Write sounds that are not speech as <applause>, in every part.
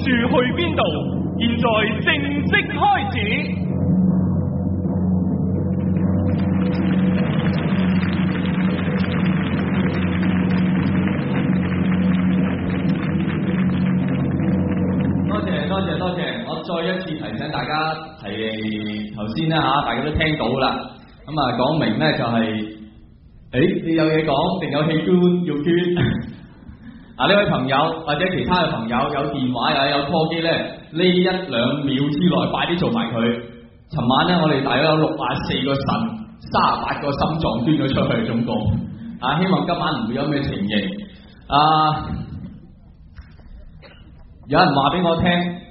住去邊度？現在正式開始。多謝多謝多謝，我再一次提醒大家，提頭先啦吓，大家都聽到啦。咁啊、就是，講明咧就係，誒，你有嘢講定有器官要捐。嗱呢、啊、位朋友或者其他嘅朋友有電話又有拖機咧，呢一兩秒之內快啲做埋佢。尋晚咧，我哋大約有六百四個腎，三十八個心臟捐咗出去總共。啊，希望今晚唔會有咩情形。啊，有人話俾我聽，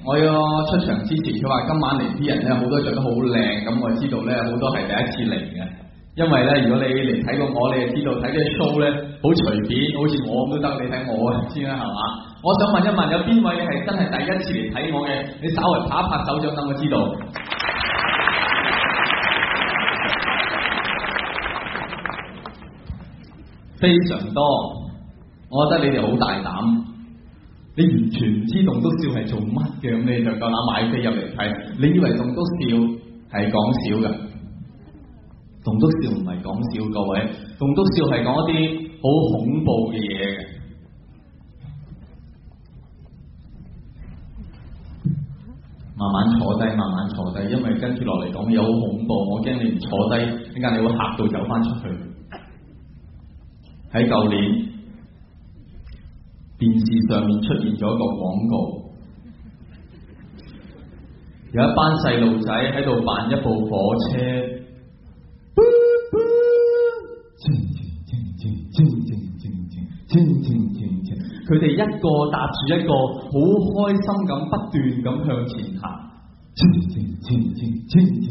我要出場之前，佢話今晚嚟啲人咧好多着得好靚，咁我知道咧好多係第一次嚟嘅。因為咧，如果你嚟睇過我，你就知道睇啲 show 咧好隨便，好似我咁都得。你睇我先啦，係嘛？我想問一問，有邊位係真係第一次嚟睇我嘅？你稍為拍一拍手掌，等我知道。非常多，我覺得你哋好大膽。你完全唔知棟篤笑係做乜嘅。咁你就夠膽買飛入嚟睇。你以為棟篤笑係講笑㗎？棟篤笑唔係講笑，各位，棟篤笑係講一啲好恐怖嘅嘢嘅。慢慢坐低，慢慢坐低，因為跟住落嚟講嘢好恐怖，我驚你唔坐低，點解你會嚇到走翻出去，在去？喺舊年電視上面出現咗一個廣告，有一班細路仔喺度扮一部火車。嗚嗚，前前前前前前前前，佢哋一個搭住一個，好開心咁，不斷咁向前行。前前前前前前前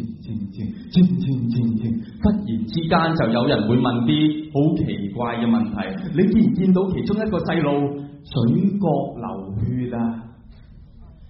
前前前前，忽然之間就有人會問啲好奇怪嘅問題，你見唔見到其中一個細路嘴角流血啊？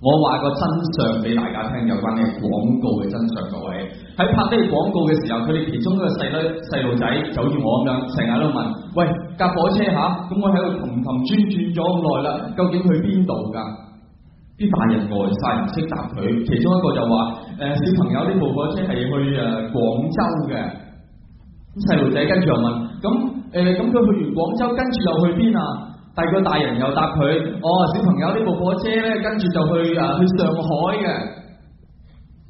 我話個真相俾大家聽，有關嘅廣告嘅真相，各位喺拍呢個廣告嘅時候，佢哋其中一個細女細路仔就好似我咁樣，成日都問：，喂，架火車下咁、啊嗯、我喺個紅磡轉轉咗咁耐啦，究竟去邊度㗎？啲大人呆晒，唔識答佢。其中一個就話、呃：，小朋友，呢部火車係去呃、廣州嘅。細路仔跟住又問：，咁、嗯、誒，咁、呃、佢去完廣州，跟住又去邊啊？但個大人又答佢：，哦，小朋友呢部火車咧，跟住就去啊去上海嘅。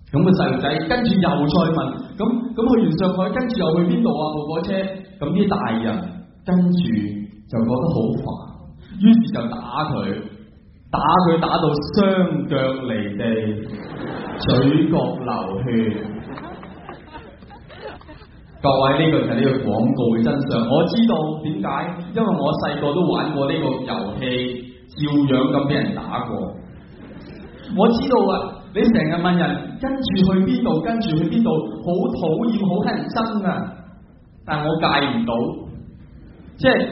咁、個細路仔跟住又再問，咁咁去完上海，跟住又去邊度啊？部火,火車。咁啲大人跟住就覺得好煩，於是就打佢，打佢打到雙腳離地，嘴角流血。各位，呢個就係呢個廣告嘅真相。我知道點解，因為我細個都玩過呢個遊戲，照樣咁俾人打過。我知道啊，你成日問人跟住去邊度，跟住去邊度，好討厭，好乞人憎啊！但係我戒唔到，即係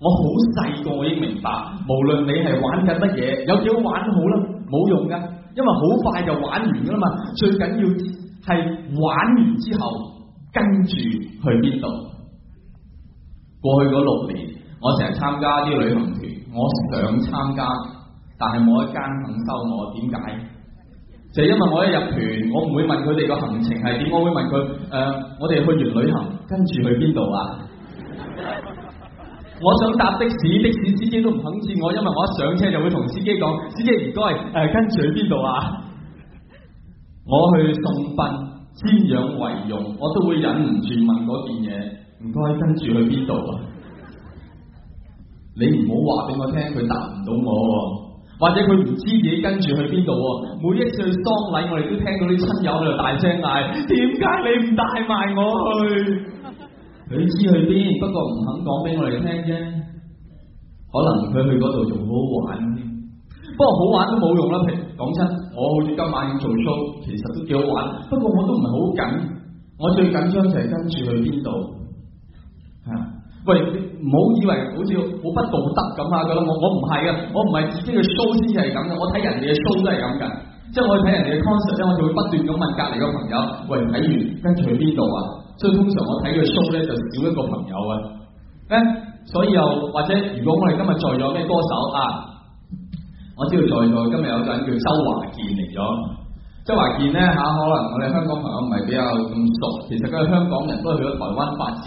我好細個，我已經明白，無論你係玩緊乜嘢，有幾好玩都好啦，冇用噶，因為好快就玩完噶啦嘛。最緊要係玩完之後。跟住去邊度？過去嗰六年，我成日參加啲旅行團，我想參加，但係冇一間肯收我。點解？就係、因為我一入團，我唔會問佢哋個行程係點，我會問佢：誒、呃，我哋去完旅行，跟住去邊度啊？ <laughs> 我想搭的士，的士司機都唔肯接我，因為我一上車就會同司機講：司機唔該，誒、呃、跟住去邊度啊？我去送殯。瞻仰遺容，我都會忍唔住問嗰件嘢，唔該跟住去邊度啊？你唔好話俾我聽佢答唔到我，或者佢唔知自己跟住去邊度、啊。每一次去喪禮，我哋都聽到啲親友喺度大聲嗌：點解你唔帶埋我去？佢 <laughs> 知去邊，不過唔肯講俾我哋聽啫。可能佢去嗰度仲好玩，不過好玩都冇用啦。譬如講真。我好似今晚要做 show，其實都幾好玩。不過我都唔係好緊，我最緊張就係跟住去邊度、啊、喂，唔好以為好似好不道德咁啊！噶啦，我我唔係啊，我唔係自己嘅 show 先至係咁嘅，我睇人哋嘅 show 都係咁㗎。即係我睇人哋嘅 concert 咧，我就會不斷咁問隔離嘅朋友：喂，睇完跟住去邊度啊？所以通常我睇佢嘅 show 咧就少一個朋友啊。誒，所以又或者如果我哋今日再有咩歌手啊？我知道在座今日有一個人叫周華健嚟咗，周華健咧嚇、啊，可能我哋香港朋友唔係比較咁熟，其實佢香港人都去咗台灣發展，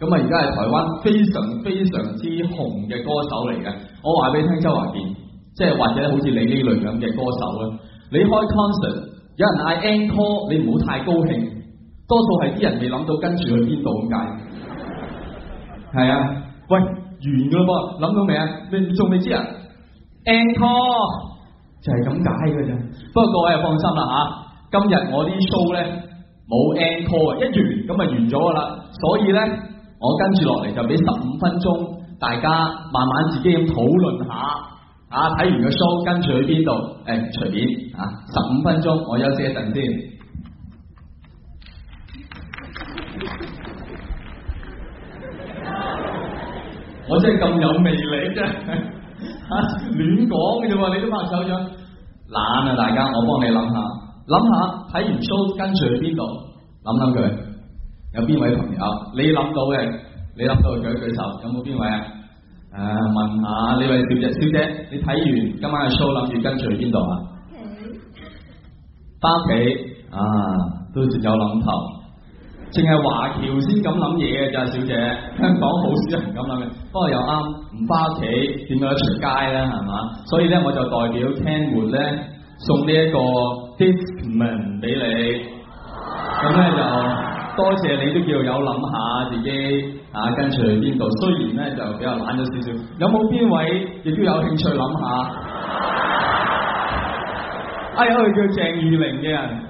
咁啊而家係台灣非常非常之紅嘅歌手嚟嘅。我話俾你聽，周華健即係或者好似你呢類樣嘅歌手咧，你開 concert，有人嗌 encore，你唔好太高興，多數係啲人未諗到跟住去邊度咁解。係啊，喂，完㗎喇噃，諗到未啊？你仲未知啊？Encore En 就係咁解噶咋，不過各位放心啦吓，今日我啲 show 咧冇 encore 啊，一完咁啊完咗噶啦，所以咧我跟住落嚟就俾十五分鐘大家慢慢自己咁討論下啊，睇完個 show 跟住去邊度誒隨便啊，十五分鐘我休息一陣先， <laughs> 我真係咁有魅力啫。亂講嘅啫，你都拍手掌，懶啊，大家，我幫你諗下，諗下睇完 show 跟住去邊度，諗諗佢，有邊位朋友你諗到嘅？你諗到，你舉舉手舉手，有冇邊位啊？誒、呃，問下呢位小姐，你睇完今晚嘅 show 諗住跟住去邊度啊？翻屋企啊，都仲有諗頭。淨係華僑先咁諗嘢嘅咋，小姐。香港好少人咁諗嘅，不過又啱，唔返屋企點樣出街咧，係嘛？所以咧，我就代表聽門咧送呢一個 discount 俾你。咁咧就多謝你都叫有諗下自己啊跟隨邊度，雖然咧就比較懶咗少少。有冇邊位亦都要有興趣諗下？哎呀，我哋叫鄭裕玲嘅人。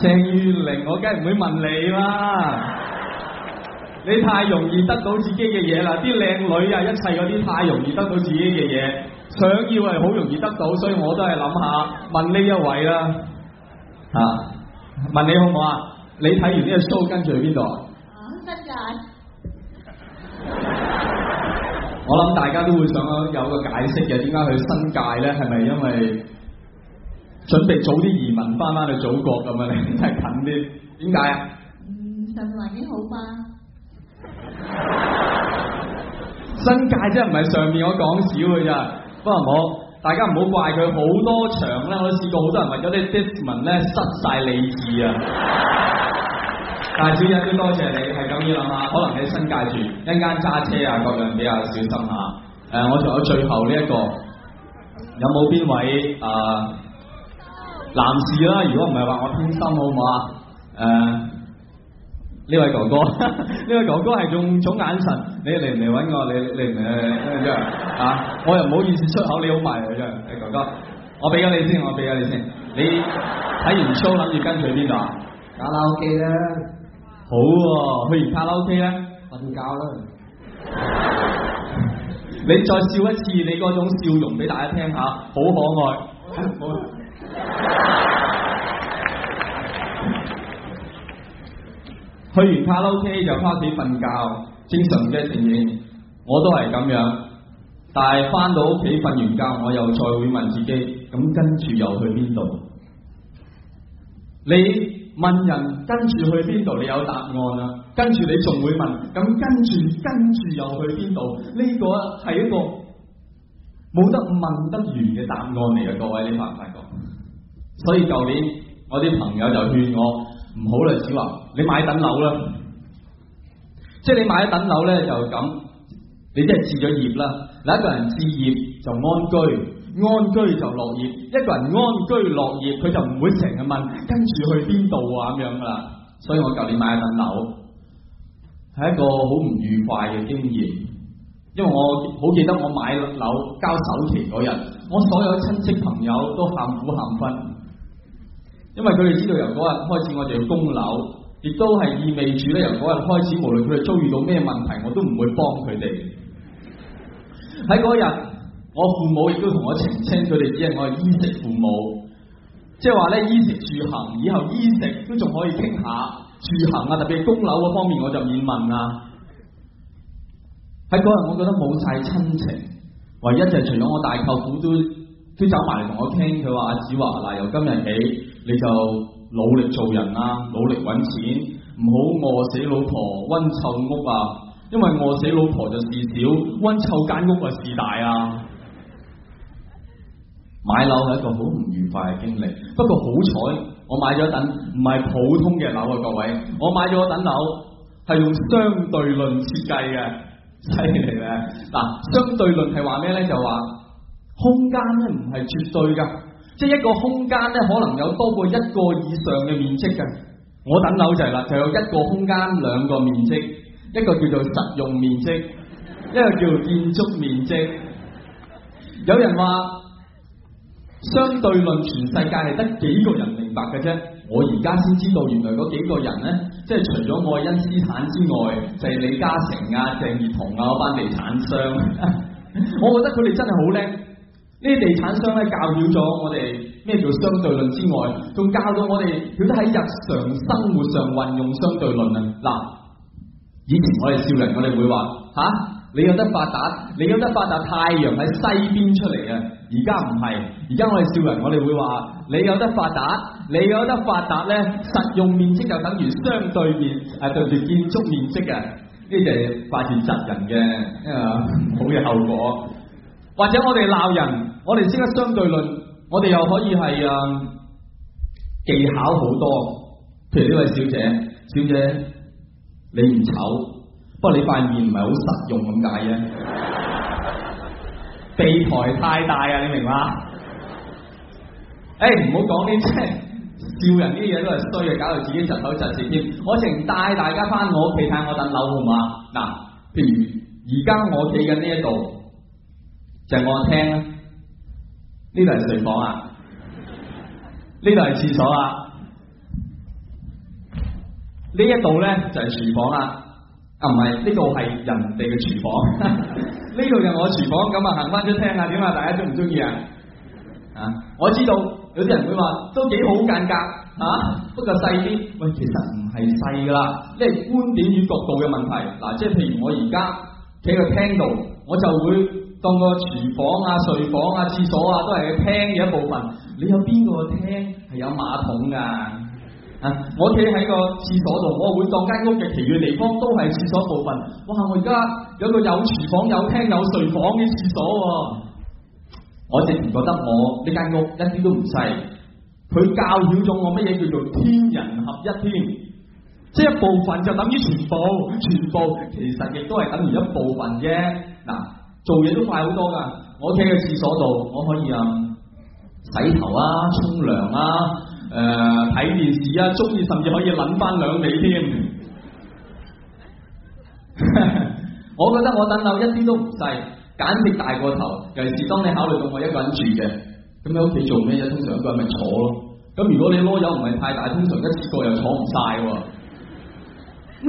鄭月玲，我梗係唔會問你啦，你太容易得到自己嘅嘢啦。啲靚女啊，一切嗰啲太容易得到自己嘅嘢，想要係好容易得到，所以我都係諗下問呢一位啦，啊，問你好唔好啊？你睇完呢個 show 跟住去邊度啊？新界、嗯，嗯嗯、我諗大家都會想有個解釋嘅，點解去新界咧？係咪因為？準備早啲移民翻翻去祖國，咁你真係近啲，點解啊？嗯，上面環境好嘛？新界真係唔係上面我講少嘅咋，不過唔好，大家唔好怪佢好多場啦。我試過好多人為咗啲啲民咧失晒理智啊！ <laughs> 但係小姐都多謝你，係咁意諗下，可能喺新界住，一間揸車啊，各樣比較小心下。誒、呃，我仲有最後呢、這、一個，有冇邊位啊？呃男士啦，如果唔係話我偏心好唔好啊？誒，呢位哥哥，呢 <laughs> 位哥哥係用種眼神，你嚟唔嚟揾我？你你唔嚟啊？Uh, <laughs> 我又唔好意思出口，你好埋啊？真係，誒，哥哥，我俾咗你先，我俾咗你先。你睇完 show 諗住跟住去邊度啊？卡拉 ok 啦。好，去完卡拉 ok 咧？瞓覺啦。 <laughs> 你再笑一次，你嗰種笑容俾大家聽下，好可愛。好 <laughs> 去完卡拉 OK 就開始瞓覺，正常嘅情形，我都係咁樣。但係翻到屋企瞓完覺，我又再會問自己，咁跟住又去邊度？你問人跟住去邊度，你有答案啦。跟住你仲會問，咁跟住跟住又去邊度？呢個係一個冇得問得完嘅答案嚟嘅，各位，你發唔發覺？所以舊年我啲朋友就勸我唔好啦，子華，你買等樓啦，即係你買一等樓咧，就咁你即係置咗業啦。有一個人置業就安居，安居就樂業。一個人安居樂業，佢就唔會成日問跟住去邊度啊，咁樣噶啦。所以我舊年買一等樓係一個好唔愉快嘅經驗，因為我好記得我買樓交首期嗰日，我所有親戚朋友都喊苦喊分。因為佢哋知道由嗰日開始，我哋要供樓，亦都係意味住咧，由嗰日開始，無論佢哋遭遇到咩問題，我都唔會幫佢哋。喺嗰日，我父母亦都同我澄清，佢哋只係我嘅衣食父母，即係話咧，衣食住行以後衣食都仲可以傾下，住行啊，特別係供樓嗰方面我就免問啦。喺嗰日，我覺得冇晒親情，唯一就係除咗我大舅父都都走埋嚟，同我傾，佢話阿子華嗱，由今日起。你就努力做人啊，努力搵錢，唔好餓死老婆溫臭屋啊！因為餓死老婆就事小，溫臭間屋啊事大啊！買樓係一個好唔愉快嘅經歷，不過好彩我買咗一等唔係普通嘅樓啊，各位，我買咗一等樓係用相對論設計嘅，犀利咧！嗱，相對論係話咩呢？就話空間咧唔係絕對噶。即係一個空間咧，可能有多過一個以上嘅面積嘅。我等樓就係啦，就有一個空間兩個面積，一個叫做實用面積，一個叫做建築面積。有人話相對論全世界係得幾個人明白嘅啫，我而家先知道原來嗰幾個人咧，即係除咗愛因斯坦之外，就係、是、李嘉誠啊、鄭裕彤啊嗰班地產商。 <laughs> 我覺得佢哋真係好叻。啲地產商咧，教曉咗我哋咩叫相對論之外，仲教到我哋曉得喺日常生活上運用相對論啊！嗱，以前我哋笑人我，我哋會話嚇你有得發達，你有得發達，太陽喺西邊出嚟啊！而家唔係，而家我哋笑人我，我哋會話你有得發達，你有得發達咧，實用面積就等於相對面，係、啊、對住建築面積嘅，呢啲就係發展失人嘅啊，呃、好嘅後果，或者我哋鬧人。我哋先嘅相對論，我哋又可以係啊、呃、技巧好多，譬如呢位小姐，小姐你唔醜，不過你塊面唔係好實用咁解啫。 <laughs> 地台太大啊，你明嘛？誒，唔好講啲即笑人呢啲嘢都係衰嘅，搞到自己窒口窒舌添。我情帶大家翻我屋企睇我棟樓，好唔好啊？嗱，譬如而家我企緊呢一度就係、是、我廳呢度係睡房啊，呢度係廁所啊，呢一度咧就係、是、廚房啊，啊唔係呢度係人哋嘅廚房，呢 <laughs> 度就係我廚房，咁啊行翻出廳啊，點啊大家中唔中意啊？啊，我知道有啲人會話都幾好間隔啊，不過細啲，喂，其實唔係細噶啦，即係觀點與角度嘅問題，嗱、啊，即係譬如我而家企喺個廳度，我就會。當個廚房啊、睡房啊、廁所啊，都係個廳嘅一部分。你有邊個廳係有馬桶噶？啊，我企喺個廁所度，我會當間屋嘅其餘地方都係廁所部分。哇，我而家有個有廚房、有廳、有睡房嘅廁所，啊。我直情覺得我呢間屋一啲都唔細。佢教曉咗我乜嘢叫做天人合一添。即係部分就等於全部，全部其實亦都係等於一部分嘅嗱。啊做嘢都快好多噶，我企喺個廁所度，我可以啊、嗯、洗頭啊、沖涼啊、誒、呃、睇電視啊，中意甚至可以撚翻兩味添。 <laughs> 我覺得我等樓一啲都唔細，簡直大過頭。尤其是當你考慮到我一個人住嘅，咁你屋企做咩嘢？通常一個人咪坐咯。咁如果你囉柚唔係太大，通常一次過又坐唔晒。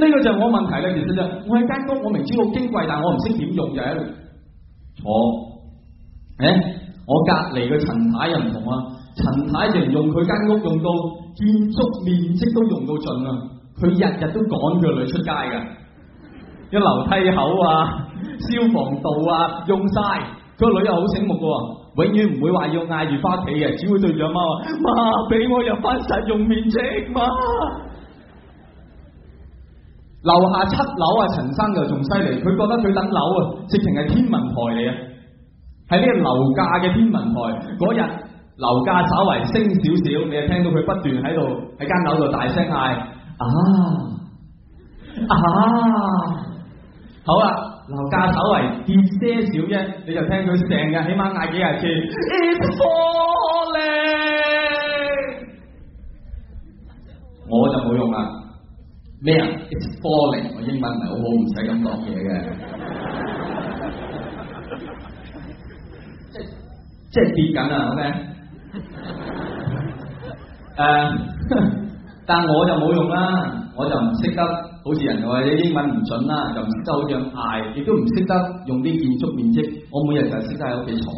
呢 <laughs> 個就係我問題咧，其實啫、就是，我喺間屋，我明知好矜貴，但我唔識點用就我，誒、哦欸，我隔離個陳太又唔同啊，陳太形容佢間屋用到建築面積都用到盡啊，佢日日都趕佢女出街噶。 <laughs> 一樓梯口啊、消防道啊用晒。個女又好醒目喎，永遠唔會話要嗌住翻屋企嘅，只會對住阿媽話：媽，俾我入翻實用面積嘛。媽媽樓下七樓啊，陳生又仲犀利，佢覺得佢等樓啊，直情係天文台嚟啊，喺呢個樓價嘅天文台。嗰日樓價稍微升少少，你就聽到佢不斷喺度喺間樓度大聲嗌啊啊！好啦，啊，樓價稍微跌些少啫，你就聽佢成日起碼嗌幾廿次跌翻嚟，It's falling 我就冇用啦。咩啊？It's falling，我英文唔係好好，唔使咁講嘢嘅，即係即係跌緊啊！好咩？誒，但我就冇用啦，我就唔識得好似人哋話你英文唔準啦，又唔識得咁樣嗌，亦都唔識得用啲建築面積，我每日就識得喺屋企坐，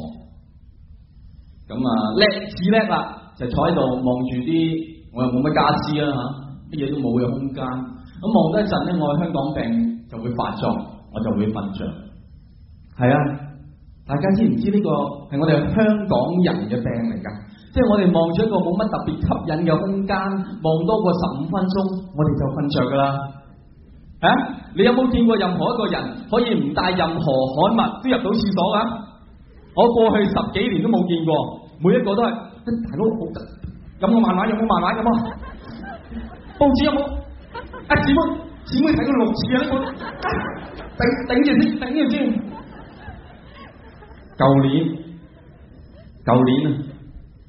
咁叻至叻啦，就坐喺度望住啲，我又冇乜家私啊吓。乜嘢都冇嘅空間，咁望多一陣咧，我喺香港病就會發作，我就會瞓着。係啊，大家知唔知呢個係我哋香港人嘅病嚟噶？即係我哋望咗一個冇乜特別吸引嘅空間，望多過十五分鐘，我哋就瞓着噶啦。啊，你有冇見過任何一個人可以唔帶任何刊物都入到廁所噶？我過去十幾年都冇見過，每一個都係、哎，大佬，咁我慢慢有冇慢慢咁啊？報紙有冇？啊，姊妹，姊妹睇過六次啊，呢個，頂頂住先，頂住先。舊年，舊年啊，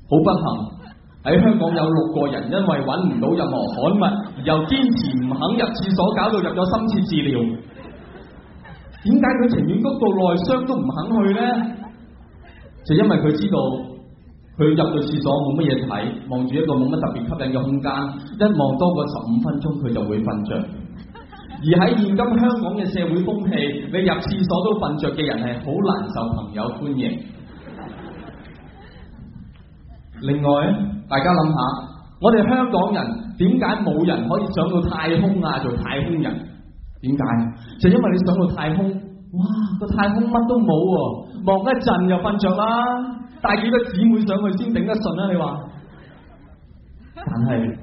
好不幸喺香港有六個人因為搵唔到任何刊物，而又堅持唔肯入廁所，搞到入咗深切治療。點解佢情願谷到內傷都唔肯去咧？就因為佢知道。佢入到廁所冇乜嘢睇，望住一個冇乜特別吸引嘅空間，一望多過十五分鐘，佢就會瞓着。而喺現今香港嘅社會風氣，你入廁所都瞓着嘅人係好難受朋友歡迎。 <laughs> 另外，大家諗下，我哋香港人點解冇人可以上到太空啊？做太空人點解？就因為你上到太空，哇，個太空乜都冇，望一陣又瞓着啦。帶幾個姊妹上去先頂得順啊？你話？ <laughs> 但係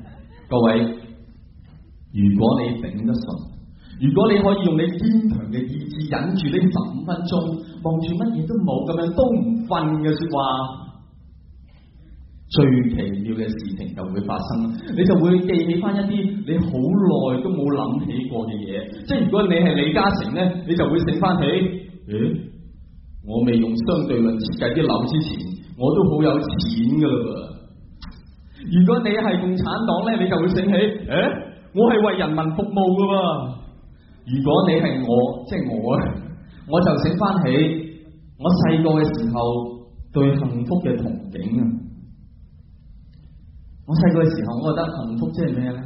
各位，如果你頂得順，如果你可以用你堅強嘅意志忍住呢十五分鐘，望住乜嘢都冇咁樣都唔瞓嘅說話，最奇妙嘅事情就會發生，你就會記起翻一啲你好耐都冇諗起過嘅嘢。即係如果你係李嘉誠咧，你就會醒翻起。欸我未用相對論設計啲樓之前，我都好有錢噶啦。如果你係共產黨咧，你就會醒起，誒、欸，我係為人民服務噶。如果你係我，即係我咧，我就醒翻起我細個嘅時候對幸福嘅憧憬啊！我細個嘅時候，我覺得幸福即係咩咧？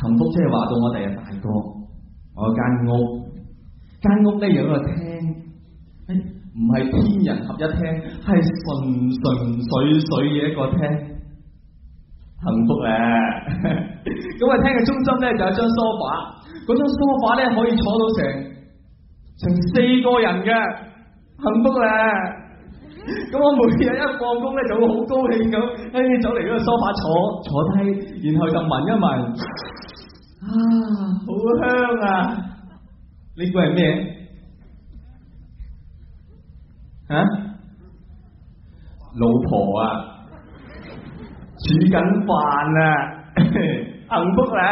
幸福即係話到我第日大個，我有間屋，間屋咧有個廳，誒。欸唔係天人合一廳，係純純粹粹嘅一個廳，幸福咧。咁 <laughs> 啊，廳嘅中心咧就係張梳化。嗰張梳化 f 咧可以坐到成成四個人嘅，幸福咧。咁 <laughs> 我每日一放工咧就會好高興咁，跟、哎、走嚟嗰個梳化坐坐低，然後就聞一聞， <laughs> 啊，好香啊！呢個係咩？啊、老婆啊，煮緊飯啊，幸福咧。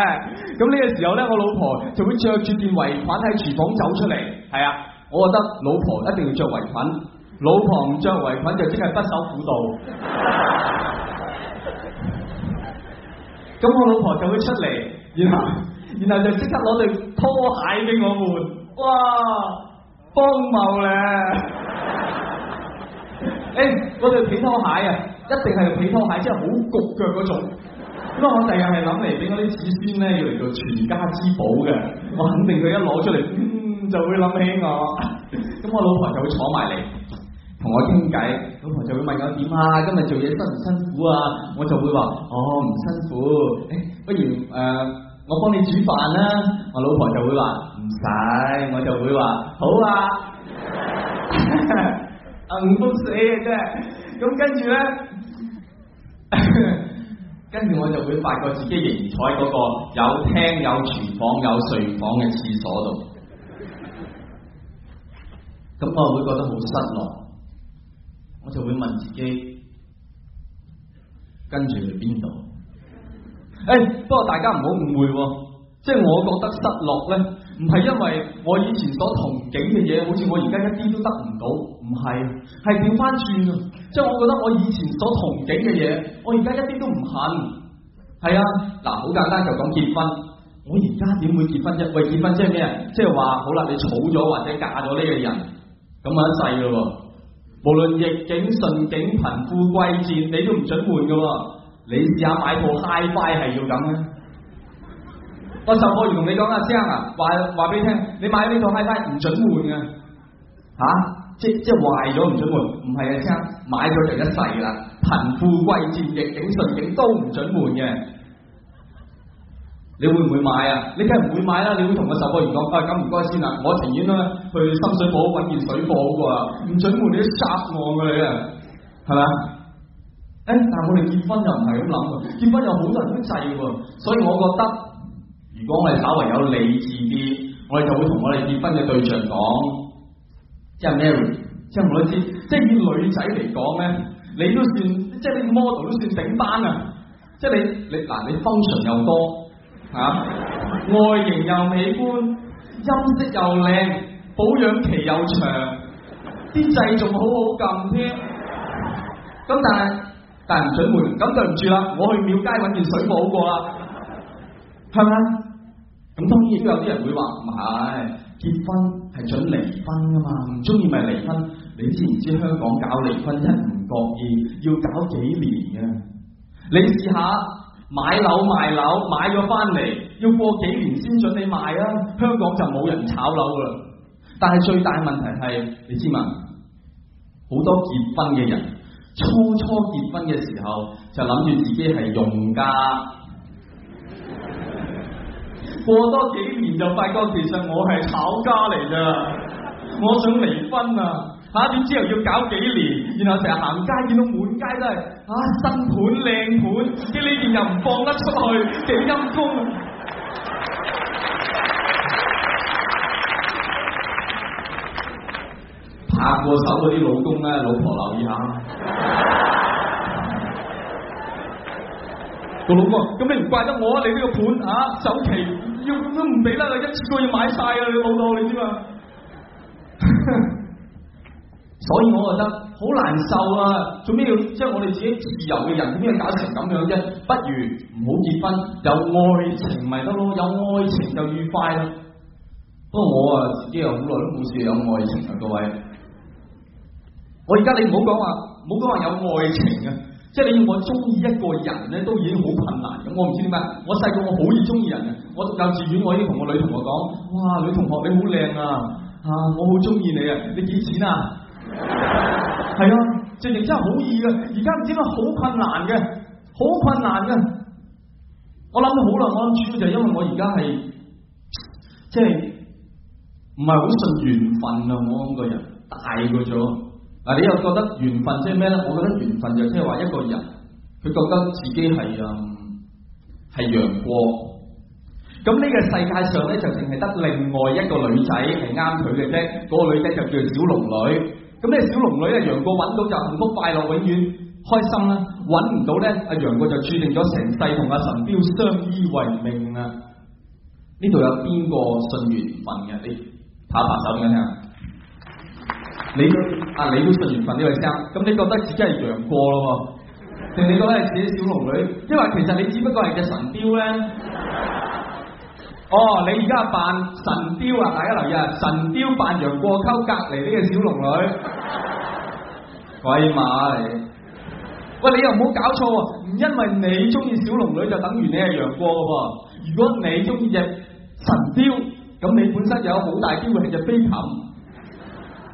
咁呢個時候咧，我老婆就會着住件圍裙喺廚房走出嚟。係啊，我覺得老婆一定要着圍裙，老婆唔着圍裙就真係不守婦道。咁 <laughs> 我老婆就會出嚟，然後然後就即刻攞對拖鞋俾我換。哇，幫忙咧！誒、欸，我對皮拖鞋啊，一定係皮拖鞋，即係好焗腳嗰種。咁啊，我第日係諗嚟俾我啲子孫咧，要嚟做全家之寶嘅。我肯定佢一攞出嚟，嗯，就會諗起我。咁我老婆就會坐埋嚟同我傾偈，老婆就會問我點啊，今日做嘢辛唔辛苦啊？我就會話，哦，唔辛苦。誒，不如誒、呃，我幫你煮飯啦。我老婆就會話唔使，我就會話好啊。 <laughs> 幸福、啊、死嘅、啊、啫。咁，跟住咧，跟住我就會發覺自己仍然坐喺嗰個有廳、有廚房、有睡房嘅廁所度，咁 <laughs> 我會覺得好失落，我就會問自己，跟住去邊度？誒、哎，不過大家唔好誤會、哦，即、就、係、是、我覺得失落咧。唔係因為我以前所憧憬嘅嘢，好似我而家一啲都得唔到，唔係，係調翻轉啊！即係我覺得我以前所憧憬嘅嘢，我而家一啲都唔肯。係啊，嗱，好簡單就講結婚，我而家點會結婚呢？因為結婚即係咩啊？即係話好啦，你娶咗或者嫁咗呢個人，咁一世咯喎。無論逆境順境貧富貴賤，你都唔准換噶喎。你試下買套 high five 係要咁咩？個售貨員同你講啦，昌啊，話話俾你聽，你買呢套 high 翻，唔准換啊，吓、啊，即即壞咗唔准換，唔係啊，昌，買咗第一世啦，貧富貴賤亦景順景都唔准換嘅，你會唔會買啊？你梗係唔會買啦、啊，你會同個售貨員講，哎、啊，咁唔該先啦，我情願咧去深水埗搵件水貨好，唔准換你 s h a r 你啊，係咪誒，但係我哋結婚又唔係咁諗，結婚有好多人都制嘅，所以我覺得。如果我哋稍為有理智啲，我哋就會同我哋結婚嘅對象講，即係 Mary，即係我都知，即係以女仔嚟講咧，你都算，即係你 model 都算頂班啊！即係你你嗱，你 function 又多啊，外形又美觀，音色又靚，保養期又長，啲掣仲好好撳添。咁但係但係唔准換，咁對唔住啦，我去廟街揾件水貨好過啦，係咪啊？咁當然亦都有啲人會話唔係，結婚係準離婚噶嘛，唔中意咪離婚？你知唔知香港搞離婚一唔覺意要搞幾年嘅啊？你試下買樓賣樓買咗翻嚟，要過幾年先準你賣啊！香港就冇人炒樓噶啦。但係最大問題係，你知嘛？好多結婚嘅人初初結婚嘅時候就諗住自己係用家。過多幾年就發覺其實我係炒家嚟㗎，我想離婚啊！嚇點之後要搞幾年，然後成日行街見到滿街都係嚇新盤靚盤，自己呢邊又唔放得出去，幾陰功啊！拍過手嗰啲老公咧，老婆留意下啦。個老公，咁你唔怪得我，你呢個盤嚇首期。要都唔俾啦，一次過要買晒啊！你老豆你知嘛？ <laughs> 所以我就覺得好難受啊！做咩要即係、就是、我哋自己自由嘅人，做咩搞成咁樣啫？不如唔好結婚，有愛情咪得咯，有愛情就愉快咯。不過我啊，自己又好耐都冇事有，有愛情啊，各位。我而家你唔好講話，唔好講話有愛情啊！即係你要我中意一個人咧，都已經好困難咁。我唔知點解，我細個我好易中意人啊！我讀幼稚園我已經同我女同學講：哇，女同學你好靚啊！啊，我好中意你啊！你幾錢啊？係 <laughs> 啊，正正真係好易嘅。而家唔知點解好困難嘅，好困難嘅。我諗到好耐，我諗住就係因為我而家係即係唔係好順緣分啊！我諗個人大過咗。嗱，你又覺得緣分即係咩咧？我覺得緣分就即係話一個人，佢覺得自己係嗯係楊過，咁呢個世界上咧就淨係得另外一個女仔係啱佢嘅啫，嗰、那個女仔就叫小龍女。咁咧，小龍女咧，楊過揾到就幸福快樂永遠開心啦，揾唔到咧，阿楊過就注定咗成世同阿神雕相依為命啦。呢度有邊個信緣分嘅？你拍一拍手俾我聽。看你阿你都出緣分呢位先生，咁你覺得自己係楊過咯？定你覺得係自己小龍女？因為其實你只不過係隻神雕咧。哦，你而家扮神雕啊！大家留意啊，神雕扮楊過溝隔籬呢個小龍女，鬼馬嚟！喂，你又唔好搞錯，唔因為你中意小龍女就等於你係楊過噶噃。如果你中意隻神雕，咁你本身就有好大機會係隻飛禽。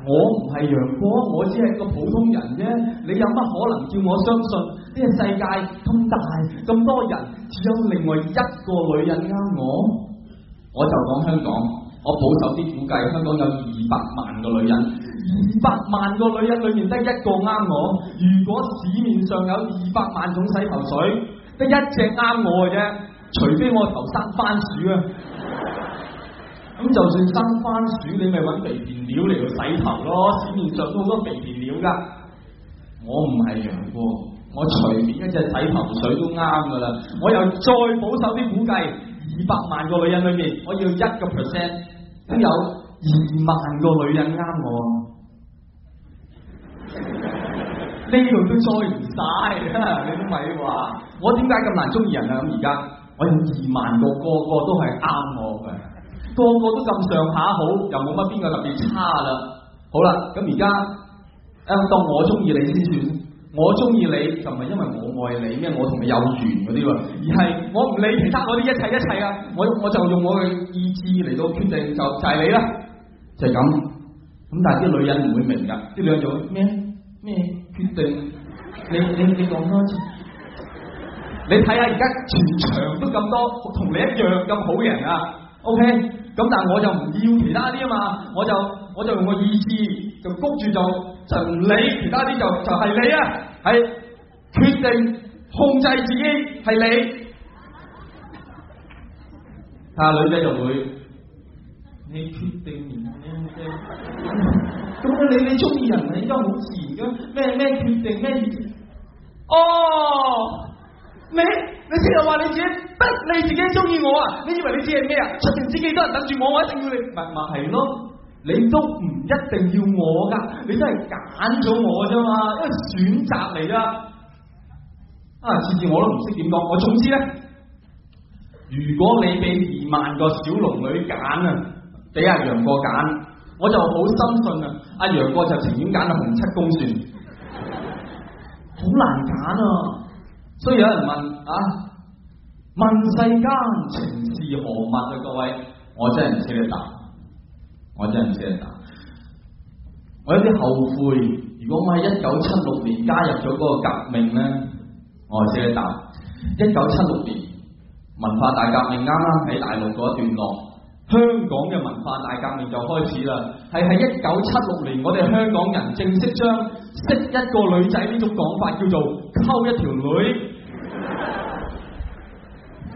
我唔係楊過，我只係個普通人啫。你有乜可能叫我相信？呢個世界咁大，咁多人，只有另外一個女人啱我。我就講香港，我保守啲估計，香港有二百萬個女人，二百萬個女人裡面得一個啱我。如果市面上有二百萬種洗頭水，得一隻啱我嘅啫。除非我頭生番薯啊！咁就算生番薯，你咪揾微電料嚟到洗頭咯，市面上都好多微電料噶。我唔係楊過，我隨便一隻洗頭水都啱噶啦。我又再保守啲估計，二百萬個女人裏面，我要一個 percent，都有二萬個女人啱我。呢度 <laughs> 都載唔晒，你都咪話，我點解咁難中意人啊？咁而家我有二萬個、個、個個都係啱我嘅。個個都咁上下好，又冇乜邊個特別差啦。好啦，咁而家，誒，當我中意你先算，我中意你就唔係因為我愛你咩，我同你有緣嗰啲，而係我唔理其他我啲一切一切啊，我我就用我嘅意志嚟到決定就就係你啦，就係咁。咁、就是就是、但係啲女人唔會明噶，啲兩種咩咩決定？你你你講多次， <laughs> 你睇下而家全場都咁多同你一樣咁好人啊，OK。咁但係我就唔要其他啲，啊嘛，我就我就用個意志就谷住就就唔理其他啲就就係你啊，係決定控制自己係你，啊女仔就會你決定，咁樣你你中意人，你都好自然噶，咩咩決定咩哦。你你先日話你自己不你自己中意我啊？你以為你自己係咩啊？出唔知幾多人等住我，我一定要你。咪咪係咯，你都唔一定要我噶，你都係揀咗我啫嘛，因為選擇嚟啦。啊，次次我都唔識點講。我總之咧，如果你俾二萬個小龍女揀啊，俾阿楊過揀，我就好深信啊，阿楊過就情願揀洪七公算，好難揀啊。所以有人問啊，問世間情是何物啊？各位，我真係唔識得答，我真係唔識得答。我有啲後悔，如果我喺一九七六年加入咗嗰個革命咧，我係識得答。一九七六年文化大革命啱啱，喺大陸告一段落，香港嘅文化大革命就開始啦。係喺一九七六年，我哋香港人正式將識一個女仔呢種講法叫做溝一條女。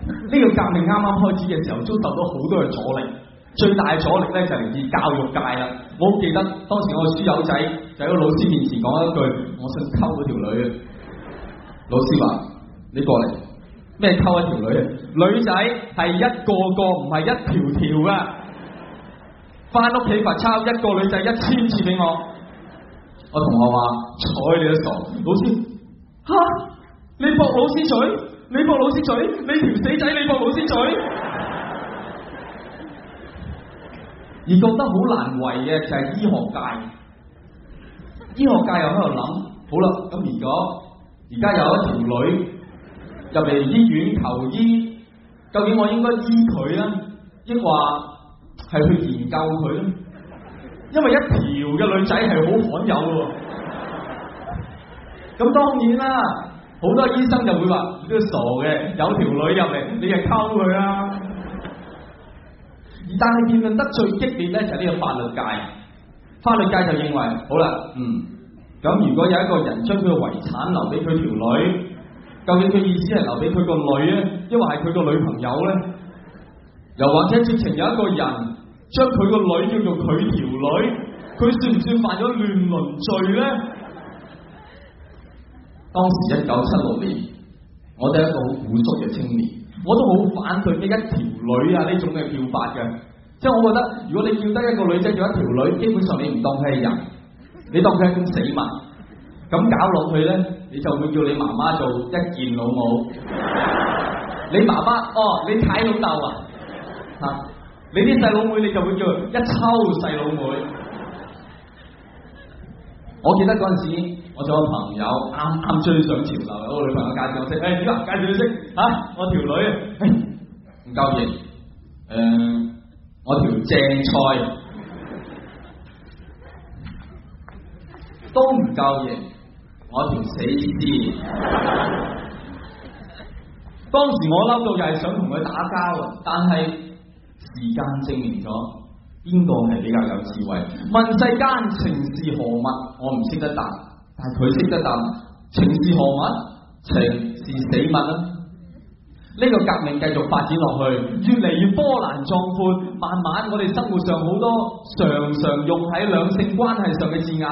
呢個革命啱啱開始嘅時候，遭受到好多嘅阻力，最大阻力咧就嚟自教育界啦。我好記得當時我書友仔就喺個老師面前講一句：我想溝嗰條女啊。老師話：你過嚟咩溝一條女啊？女仔係一個個唔係一條條啊。翻屋企罰抄一個女仔一千次俾我。我同學話：睬你都傻。老師吓。你博老師嘴？你博老師嘴？你條死仔，你博老師嘴？ <laughs> 而覺得好難為嘅就係醫學界，醫學界又喺度諗，好啦，咁如果而家有一條女入嚟醫院求醫，究竟我應該醫佢咧，抑或係去研究佢？因為一條嘅女仔係好罕有嘅，咁當然啦。好多醫生就會話你都傻嘅，有條女入嚟，你係溝佢啊。但係辯論得最激烈咧就係、是、呢個法律界，法律界就認為好啦，嗯，咁如果有一個人將佢嘅遺產留俾佢條女，究竟佢意思係留俾佢個女咧，抑或係佢個女朋友咧？又或者直情有一個人將佢個女叫做佢條女，佢算唔算犯咗亂倫罪咧？當時一九七六年，我哋係一個好古樸嘅青年，我都好反對呢一條女啊，呢種嘅叫法嘅，即係、就是、我覺得如果你叫得一個女仔叫一條女，基本上你唔當佢係人，你當佢係一種死物，咁搞落去咧，你就會叫你媽媽做一件老母， <laughs> 你爸爸哦你睇老豆啊，嚇你啲細佬妹你就會叫一抽細佬妹，我記得嗰陣時。我做個朋友，啱啱追上潮流，有個女朋友介紹我識。誒、哎、點啊，介紹你識吓？我條女唔夠型，誒我條正菜都唔夠型，我條死屍。 <laughs> 當時我嬲到又係想同佢打交，但係時間證明咗邊個係比較有智慧。問世間情是何物？我唔識得答。但係佢識得掟情是何物？情是死物啦！呢個革命繼續發展落去，越嚟越波瀾壯闊。慢慢，我哋生活上好多常常用喺兩性關係上嘅字眼，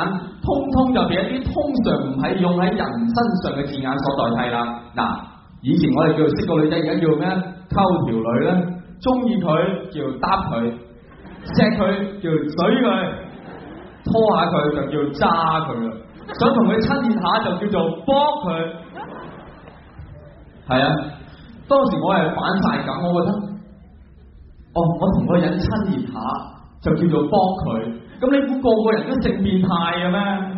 通通就俾一啲通常唔係用喺人身上嘅字眼所代替啦。嗱，以前我哋叫做識個女仔，而家叫咩？溝條女咧，中意佢叫搭佢，錫佢叫水佢，拖下佢就叫揸佢啦。想同佢親熱下就叫做幫佢，係啊！當時我係反晒咁我覺得，哦，我同個人親熱下就叫做幫佢，咁你估個個人都性變態嘅咩？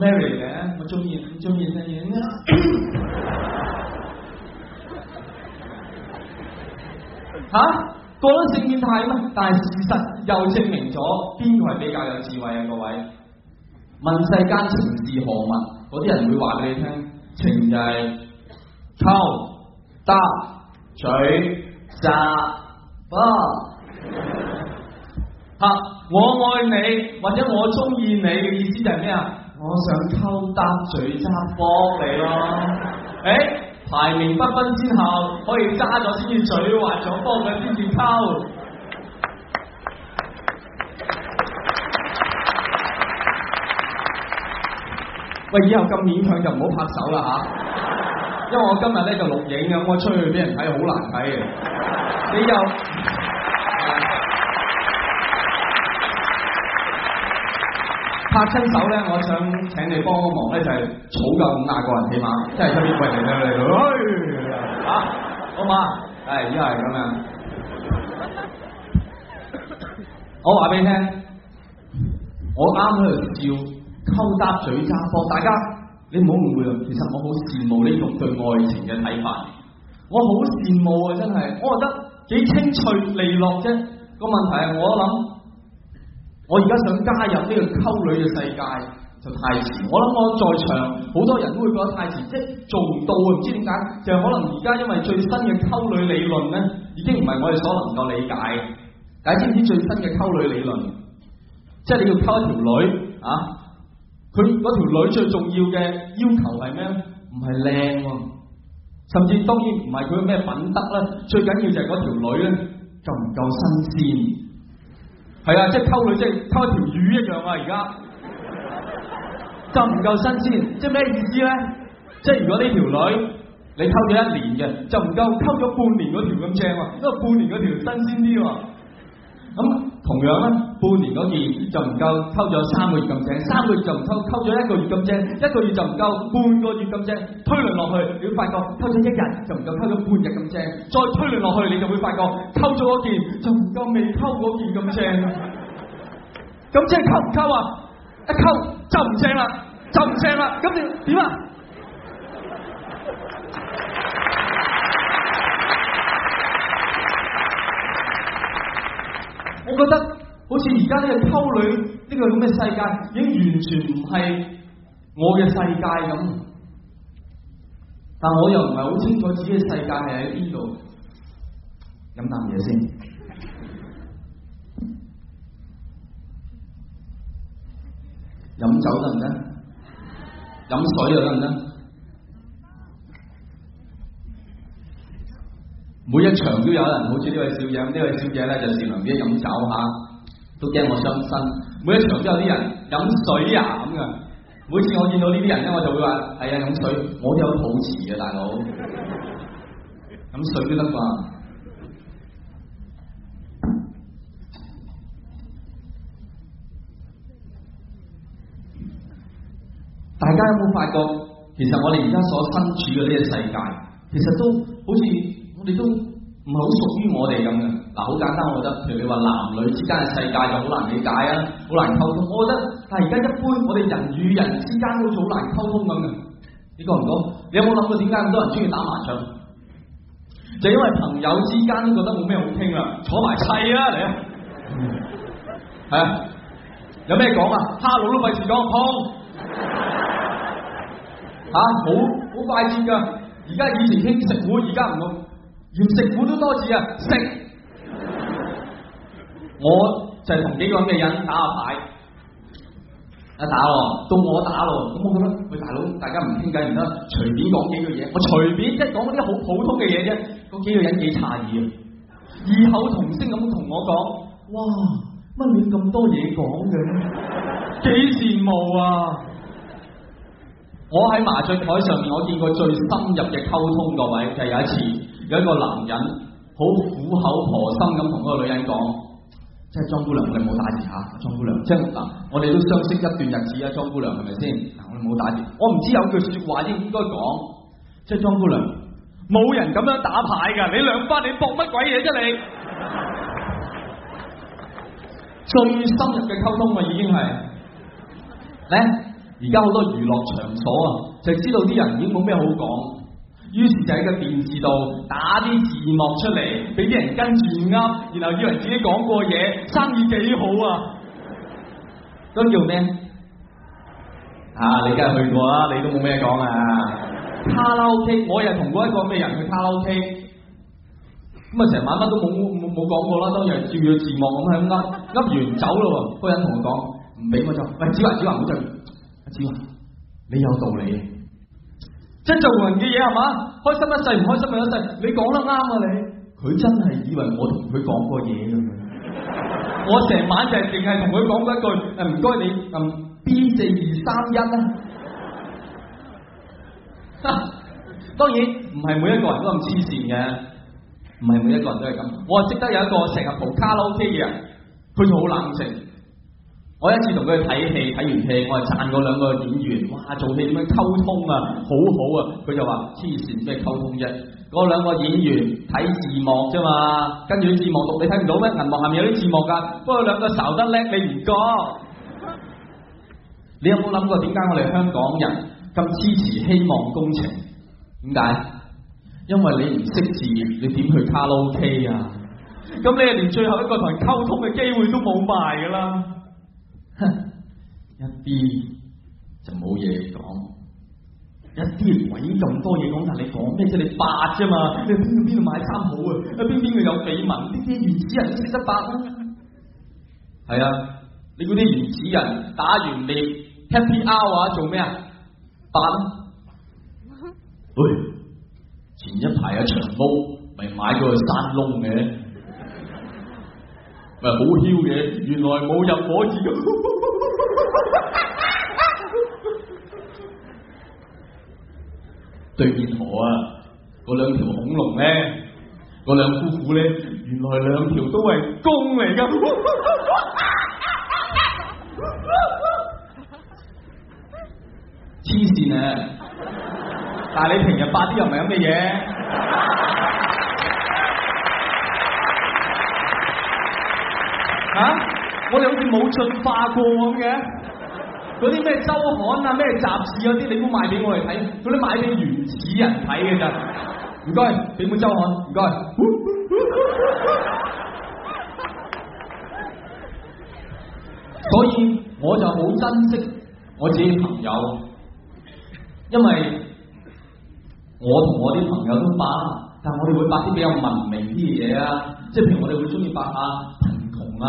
咩嚟嘅，我鍾意，鍾意乜嘢啦，嚇，講得性變態咩，但係事實又證明咗邊個係比較有智慧啊？各位。問世間情是何物？嗰啲人會話俾你聽，情就係溝、搭、嘴、揸、波。吓、啊啊，我愛你或者我中意你嘅意思就係咩啊？我想溝搭、嘴、揸、波你咯。誒，排名不分之後，可以揸咗先至，嘴壞咗波佢先至溝。喂，以後咁勉強就唔好拍手啦嚇，因為我今日咧就錄影嘅，咁我出去俾人睇好難睇嘅。你又拍親手咧，我想請你幫個忙咧，就係儲夠五廿個人起碼，即係出邊圍住嚟到，嚇好嘛？係，因為咁樣，我話俾你聽，我啱喺度笑。勾搭嘴扎搏，大家你唔好誤會啊！其實我好羨慕呢種對愛情嘅睇法，我好羨慕啊！真係，我覺得幾清脆利落啫。那個問題係我諗，我而家想加入呢個溝女嘅世界就太遲。我諗我在場好多人都會覺得太遲，即係做唔到啊。唔知點解，就可能而家因為最新嘅溝女理論咧，已經唔係我哋所能夠理解。大家知唔知最新嘅溝女理論？即係你要溝一條女啊！佢嗰條女最重要嘅要求係咩？唔係靚喎，甚至當然唔係佢咩品德啦、啊。最緊要就係嗰條女咧夠唔夠新鮮？係啊，即係溝女即係溝一條魚一樣啊！而家就唔夠新鮮，即係咩意思咧？即係如果呢條女你溝咗一年嘅，就唔夠溝咗半年嗰條咁正喎、啊，因為半年嗰條新鮮啲啊！咁同樣啦，半年嗰件就唔夠，扣咗三個月咁正，三個月就唔扣，扣咗一個月咁正，一個月就唔夠，半個月咁正，推論落去，你會發覺扣咗一日就唔夠，扣咗半日咁正，再推論落去，你就會發覺扣咗嗰件就唔夠，未扣嗰件咁正。咁 <laughs> 即係扣唔扣啊？一扣就唔正啦，就唔正啦。咁你點啊？我覺得好似而家呢個溝女呢個咁嘅世界已經完全唔係我嘅世界咁，但我又唔係好清楚自己嘅世界係喺邊度。飲啖嘢先，飲酒得唔得？飲水又得唔得？每一場都有人，好似呢位小姐，呢位小姐咧就善良啲，飲酒嚇，都驚我傷身。每一場都有啲人飲水啊咁樣！每次我見到呢啲人咧，我就會話：係啊，飲水，我有肚詞啊，大佬，飲水都得嘛？大家有冇發覺？其實我哋而家所身處嘅呢個世界，其實都好似～你都唔係好屬於我哋咁嘅。嗱，好簡單，我覺得譬如你話男女之間嘅世界就好難理解啊，好難溝通。我覺得但係而家一般我哋人與人之間都好難溝通咁嘅，你講唔講？你有冇諗過點解咁多人中意打麻雀？就因為朋友之間都覺得冇咩好傾啊，坐埋砌啊嚟啊，係 <laughs> <laughs> 啊，有咩講啊？哈佬都費事講，通吓，好、啊、好快切噶，而家以前傾食，我而家唔講。連食苦都多次啊！食，我就係同幾個咁嘅人打下牌，一打咯，到我打咯，咁我覺得：「喂大佬，大家唔傾偈唔得，隨便講幾句嘢，我隨便即係講啲好普通嘅嘢啫，嗰幾個人幾詫異啊，異口同聲咁同我講，哇，乜你咁多嘢講嘅，幾羨慕啊！我喺麻雀台上面，我見過最深入嘅溝通各位，就係有一次。有一個男人好苦口婆心咁同嗰個女人講，即係莊姑娘，你唔好打字吓，莊姑娘，即係嗱，我哋都相識一段日子啊，莊姑娘係咪先？嗱，我哋唔好打字，我唔知有句說話應唔應該講，即係莊姑娘，冇、就是、人咁樣打牌噶，你兩班你搏乜鬼嘢啫你？ <laughs> 最深入嘅溝通啊，已經係，咧而家好多娛樂場所啊，就係知道啲人已經冇咩好講。於是就喺個電視度打啲字幕出嚟，俾啲人跟住噏，然後以為自己講過嘢，生意幾好啊！咁叫咩？啊，你梗係去過啦，你都冇咩講啊！卡拉 OK，我又同過一個咩人去卡拉 OK，咁啊成日晚乜都冇冇冇講過啦，都係照住字幕咁喺度噏，噏完走咯。嗰人同我講，唔俾我就，喂，子華子華，我就，子華，啊，你有道理。即係做人嘅嘢係嘛？開心一世，唔開心咪一世。你講得啱啊你！佢真係以為我同佢講過嘢咁樣。我成晚就係淨係同佢講過一句誒唔該你嗯 B 四二三一吖。當然唔係每一個人都咁黐線嘅，唔係每一個人都係咁。我識得有一個成日蒲卡拉 OK 嘅人，佢就好冷靜。我一次同佢睇戲，睇完戲我係讚嗰兩個演員，哇做戲點樣溝通啊，好好啊！佢就話：黐線咩溝通啫？嗰兩個演員睇字幕啫嘛，跟住字幕讀，你睇唔到咩？銀幕下面有啲字幕噶，不過兩個受得叻你唔覺。你有冇諗過點解我哋香港人咁支持希望工程？點解？因為你唔識字，你點去卡拉 OK 啊？咁你連最後一個同人溝通嘅機會都冇埋噶啦！一啲就冇嘢講，一啲人鬼咁多嘢講，但你講咩啫？你八啫嘛？你邊度邊度買衫好啊？邊邊度有秘聞？呢啲原始人識得八啦，係 <laughs> 啊，你嗰啲原始人打完面，happy hour 做咩啊？八。 <laughs> 喂，前一排有長毛咪買咗個山窿嘅。唔係好囂嘅，原來冇入伙字。對面河啊，嗰兩條恐龍咧，嗰兩夫婦咧，原來兩條都係公嚟噶。黐線啊！但係你平日發啲又係咩嘢？啊！我哋好似冇進化過咁嘅，嗰啲咩周刊啊、咩雜誌嗰啲，你都賣俾我哋睇，嗰啲賣俾原始人睇嘅咋？唔該，俾本周刊，唔該。所以我就好珍惜我自己朋友，因為我同我啲朋友都發，但係我哋會發啲比較文明啲嘅嘢啊，即係譬如我哋會中意發啊。啊，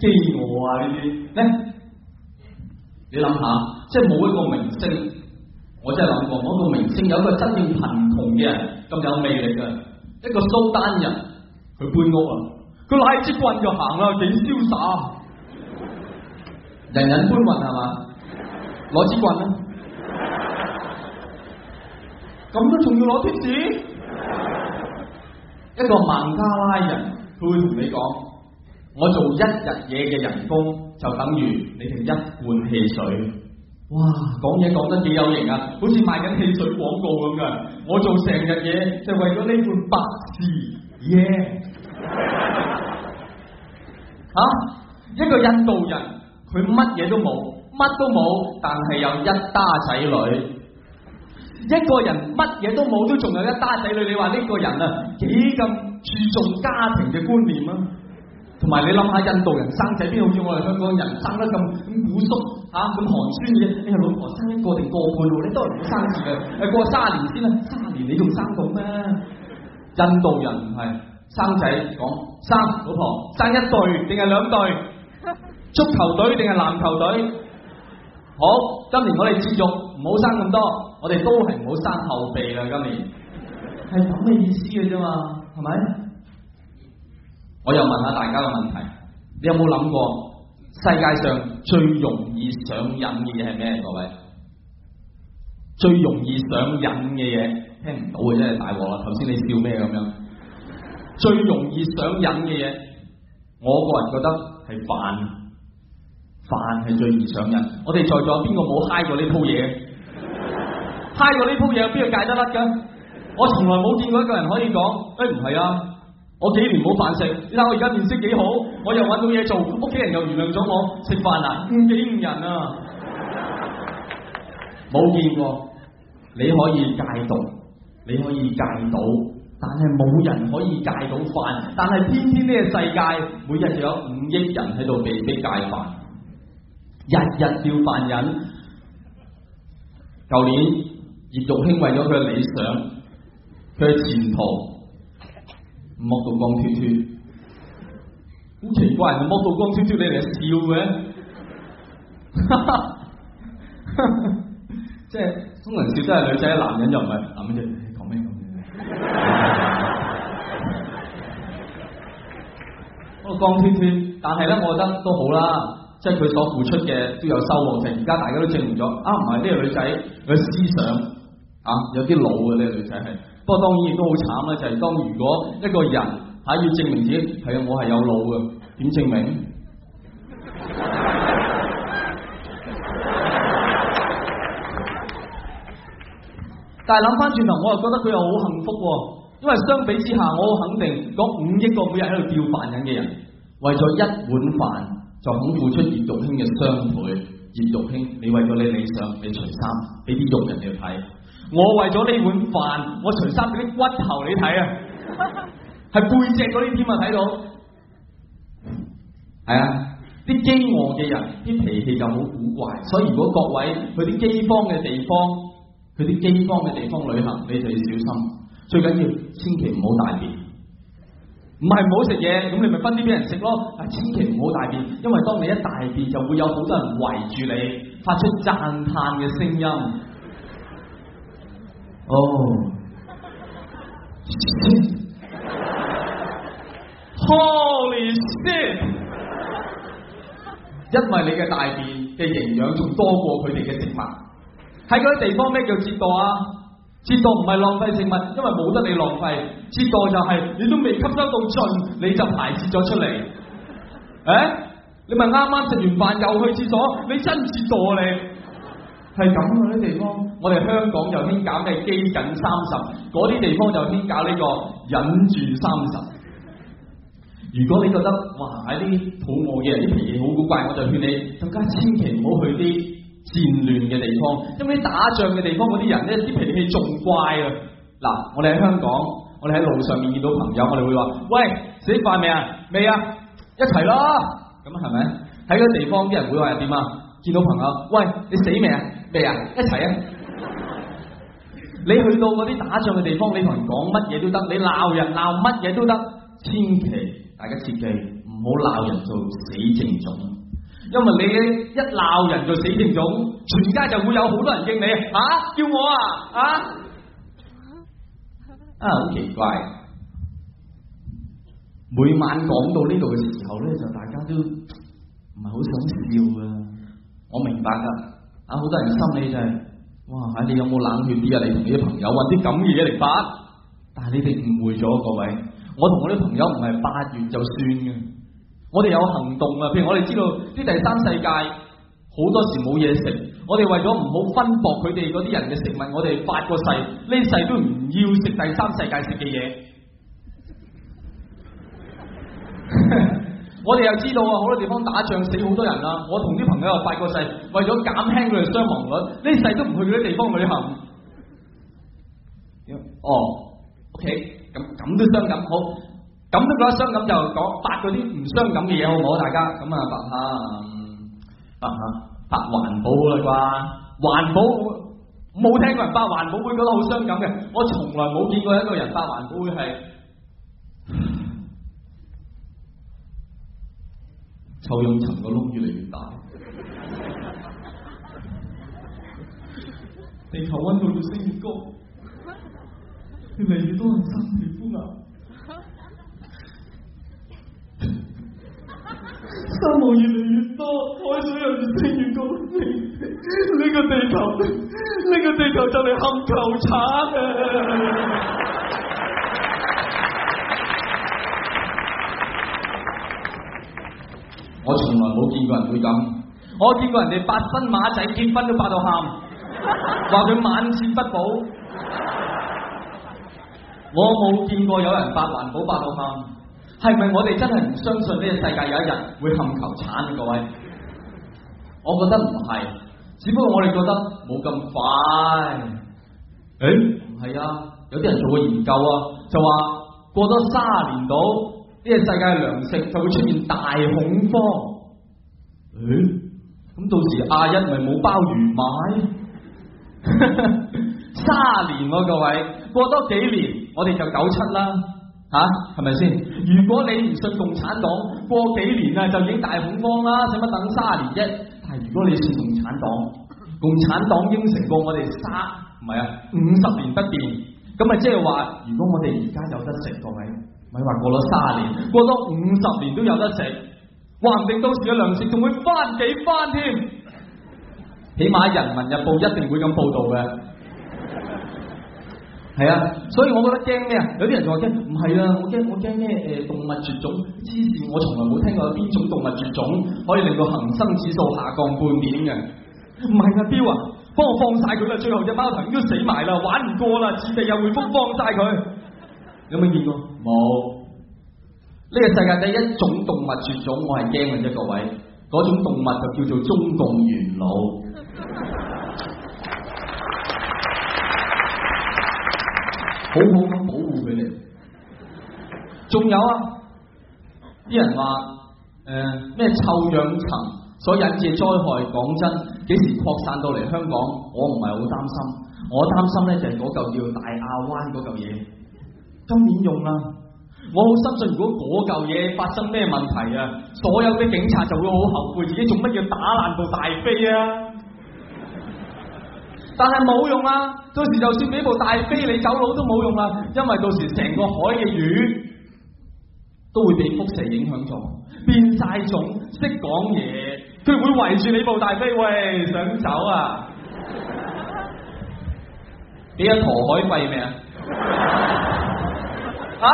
飢餓啊呢啲咧，你諗下，即係冇一個明星，我真係諗過，冇一個明星，有一個真正貧窮嘅人咁有魅力㗎。一個蘇丹人佢搬屋啊，佢攞支棍就行啦，幾瀟灑，人人搬運係嘛，攞支棍咯，咁都仲要攞貼士。一個孟加拉人，佢會同你講。我做一日嘢嘅人工就等於你哋一罐汽水，哇！講嘢講得幾有型啊，好似賣緊汽水廣告咁嘅。我做成日嘢就為咗呢罐百事嘢。 <laughs> 啊！一個印度人，佢乜嘢都冇，乜都冇，但係有一打仔女。一個人乜嘢都冇，都仲有一打仔女。你話呢個人啊，幾咁注重家庭嘅觀念啊？同埋你諗下，印度人生仔邊好似我哋香港人生得咁咁古縮嚇咁寒酸嘅？你係老婆生一個定過半路你都係唔好生住嘅，誒過三十年先啦，三十年你仲生到咩？印度人唔係生仔講生老婆生一對定係兩對，足球隊定係籃球隊？好，今年我哋節育，唔好生咁多，我哋都係唔好生後備啦。今年係咁嘅意思嘅啫嘛，係咪？我又問下大家個問題，你有冇諗過世界上最容易上癮嘅嘢係咩？各位最容易上癮嘅嘢，聽唔到嘅真係大鑊啦！頭先你笑咩咁樣？最容易上癮嘅嘢，我個人覺得係飯，飯係最容易上癮。我哋在座邊個冇嗨過呢鋪嘢？嗨過呢鋪嘢，邊個戒得甩㗎？我從來冇見過一個人可以講，哎唔係啊！我幾年冇飯食，你睇我而家面色幾好，我又搵到嘢做，屋企人又原諒咗我食飯啦，五億人啊，冇 <laughs> 見過，你可以戒毒，你可以戒賭，但係冇人可以戒到飯，但係偏偏呢個世界，每日仲有五億人喺度被迫戒飯，日日吊飯癮。舊年葉玉卿為咗佢嘅理想，佢嘅前途。剝到光脫脫，好奇怪！剝到光脫脫，你哋笑嘅，即係公然笑，真係女仔，男人又唔係男人。講咩講嘢？不過 <laughs> 光脫脫，但係咧，我覺得都好啦，即係佢所付出嘅都有收穫，就而家大家都證明咗啊！唔係呢個女仔佢思想啊，有啲老嘅呢、這個女仔係。不過當然亦都好慘啦，就係、是、當如果一個人喺要證明自己係我係有腦嘅，點證明？ <laughs> 但係諗翻轉頭，我又覺得佢又好幸福，因為相比之下，我肯定嗰五億個每日喺度吊飯緊嘅人，為咗一碗飯就肯付出葉玉卿嘅雙倍。葉玉卿，你為咗你理想，你除衫俾啲肉人哋去睇。我為咗呢碗飯，我除衫嗰啲骨頭你睇啊，係 <laughs> 背脊嗰啲添啊，睇到係啊，啲飢餓嘅人，啲脾氣就好古怪，所以如果各位去啲飢荒嘅地方，去啲飢荒嘅地方旅行，你就要小心，最緊要千祈唔好大便，唔係唔好食嘢，咁你咪分啲俾人食咯，但千祈唔好大便，因為當你一大便就會有好多人圍住你，發出讚嘆嘅聲音。哦、oh. holy shit，因為你嘅大便嘅營養仲多過佢哋嘅食物，喺嗰啲地方咩叫折墮啊？折墮唔係浪費食物，因為冇得你浪費，折墮就係你都未吸收到盡，你就排泄咗出嚟。誒、欸，你咪啱啱食完飯又去廁所，你真折墮你！係咁嗰啲地方，我哋香港就偏搞咩基準三十，嗰啲地方就偏搞呢個忍住三十。如果你覺得哇喺啲肚餓嘅，人啲脾氣好古怪，我就勸你更加千祈唔好去啲戰亂嘅地方，因為啲打仗嘅地方嗰啲人咧啲脾氣仲怪啊！嗱，我哋喺香港，我哋喺路上面見到朋友，我哋會話，喂，食飯未啊？未啊？一齊咯！咁係咪？喺嗰地方啲人會話點啊？見到朋友，喂，你死未啊？咩啊？一齊啊！ <laughs> 你去到嗰啲打仗嘅地方，你同人講乜嘢都得，你鬧人鬧乜嘢都得，千祈大家切記唔好鬧人做死正種，因為你一鬧人做死正種，全家就會有好多人敬你吓、啊，叫我啊！啊， <laughs> 啊，好奇怪！每晚講到呢度嘅時候咧，就大家都唔係好想笑啊！我明白㗎。啊！好多人心理就係、是，哇！你有冇冷血啲啊？你同你啲朋友揾啲咁嘅嘢嚟發，但係你哋誤會咗各位。我同我啲朋友唔係發完就算嘅，我哋有行動啊！譬如我哋知道啲第三世界好多時冇嘢食，我哋為咗唔好分薄佢哋嗰啲人嘅食物，我哋發個誓，呢世都唔要食第三世界食嘅嘢。 <laughs> 我哋又知道啊，好多地方打仗死好多人啦。我同啲朋友又發過誓，為咗減輕佢哋傷亡率，呢世都唔去嗰啲地方旅行。嗯、哦，OK，咁咁都傷感，好，咁都覺得傷感，就講發嗰啲唔傷感嘅嘢好唔好？大家咁啊，啊，發下發發下發環保好啦啩？環保，冇聽過人發環保會覺得好傷感嘅，我從來冇見過一個人發環保會係。 <laughs> 臭氧層個窿越嚟越大，地球溫度越升越高，越嚟越多人生皮膚癌，沙漠越嚟越多，海水又越升越高，呢、這個地球，呢、這個地球就嚟冚球產啊！.我從來冇見過人會咁，我見過人哋八分馬仔結婚都八到喊，話佢晚節不保。我冇見過有人八環保八到喊，係咪我哋真係唔相信呢個世界有一日會冚球慘？各位，我覺得唔係，只不過我哋覺得冇咁快。誒、欸，唔係啊，有啲人做過研究啊，就話過咗卅年到。呢個世界糧食就會出現大恐慌，誒、欸，咁到時阿一咪冇鮑魚買，卅 <laughs> 年喎，啊，各位，過多幾年我哋就九七啦，吓係咪先？如果你唔信共產黨，過幾年啊就已經大恐慌啦，使乜等卅年啫？但係如果你信共產黨，共產黨應承過我哋卅唔係啊五十年不變，咁啊即係話，如果我哋而家有得食，各位。咪話過咗三十年，過咗五十年都有得食，話唔定到時嘅糧食仲會翻幾翻添。起碼《人民日報》一定會咁報道嘅。係 <laughs> 啊，所以我覺得驚咩啊？有啲人就話驚，唔係啊，我驚我驚咩？誒、呃，動物絕種之前我從來冇聽過有邊種動物絕種可以令到恒生指數下降半點嘅。唔係啊，彪啊，幫我放晒佢啦，最後隻貓頭鷹都死埋啦，玩唔過啦，置地又會復放晒佢。有冇見過？冇。呢個世界第一種動物絕種，我係驚嘅啫，各位。嗰種動物就叫做中共元老， <laughs> 好好咁保護佢哋。仲有啊，啲人話誒咩臭氧層所引致災害，講真，幾時擴散到嚟香港？我唔係好擔心，我擔心咧就係嗰嚿叫大亞灣嗰嚿嘢。當然用啦，啊,我好深信，如果嗰嚿嘢發生咩問題啊，所有嘅警察就會好後悔自己做乜嘢打爛部大飛啊！但係冇用啊！到時就算俾部大飛你走佬都冇用啊，因為到時成個海嘅魚都會被輻射影響咗，變晒種識講嘢，佢會圍住你部大飛喂，想走啊？你一陀海龜咩？ <laughs> 啊！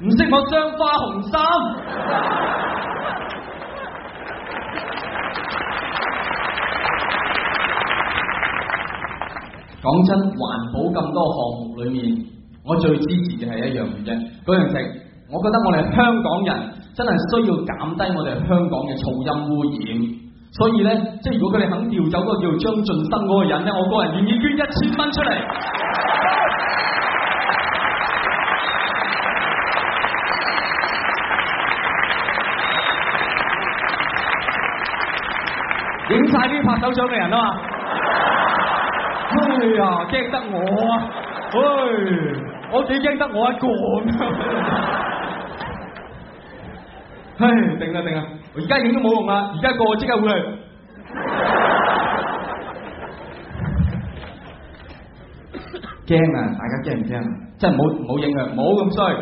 唔識我張花紅衫。講 <laughs> 真，環保咁多項目裏面，我最支持嘅係一樣嘢，嗰樣嘢，我覺得我哋香港人真係需要減低我哋香港嘅噪音污染。所以咧，即係如果佢哋肯調走嗰個叫張進生嗰個人咧，我個人願意捐一千蚊出嚟。 <laughs> 影晒啲拍手相嘅人啊嘛，哎呀驚得我啊，唉、哎，我幾驚得我一個、啊，唉，定啦定啦，而家影都冇用啦，而家過即刻回嚟，驚啊！大家驚唔驚？真係冇冇影啊！冇咁衰，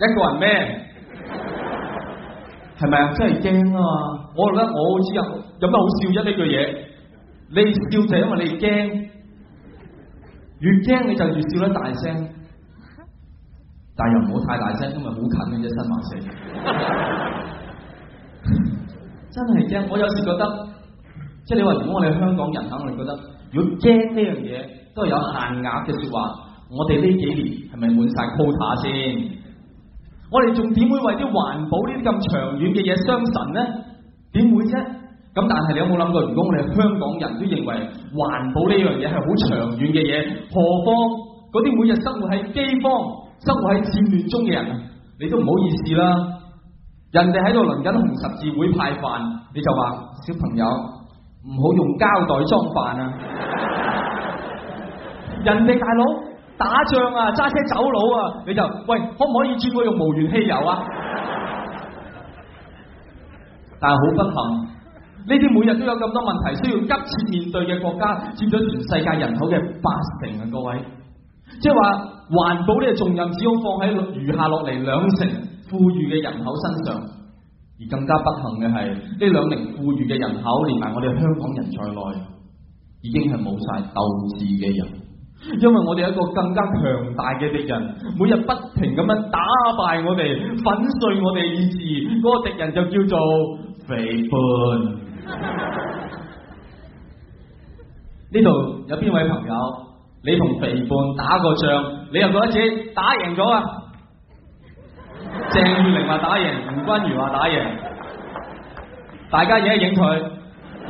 一個人咩？係咪啊？真係驚啊，我覺得我好似啊～咁啊！好笑一呢句嘢，你笑就因為你驚，越驚你就越笑得大聲，但又唔好太大聲，因為好近嘅啫，新馬死， <laughs> 真係驚！我有時覺得，即係你話，如果我哋香港人，肯定覺得，如果驚呢樣嘢都係有限額嘅説話，我哋呢幾年係咪滿晒 quota 先？我哋仲點會為啲環保呢啲咁長遠嘅嘢傷神呢？點會啫？咁但係你有冇諗過？如果我哋香港人都認為環保呢樣嘢係好長遠嘅嘢，何況嗰啲每日生活喺饑荒、生活喺戰亂中嘅人，你都唔好意思啦。人哋喺度輪緊紅十字會派飯，你就話小朋友唔好用膠袋裝飯啊。 <laughs> 人哋大佬打仗啊，揸車走佬啊，你就喂，可唔可以轉過用無鉛汽油啊？但係好不幸。呢啲每日都有咁多問題需要急切面對嘅國家，佔咗全世界人口嘅八成啊！各位，即係話環保呢個重任，只好放喺餘下落嚟兩成富裕嘅人口身上。而更加不幸嘅係，呢兩名富裕嘅人口，連埋我哋香港人在內，已經係冇晒鬥志嘅人。因為我哋有一個更加強大嘅敵人，每日不停咁樣打敗我哋、粉碎我哋意志，嗰、那個敵人就叫做肥胖。呢度有邊位朋友？你同肥胖打過仗，你又覺得自己打贏咗啊？鄭 <laughs> 裕玲話打贏，吳君如話打贏， <laughs> 大家影一影佢，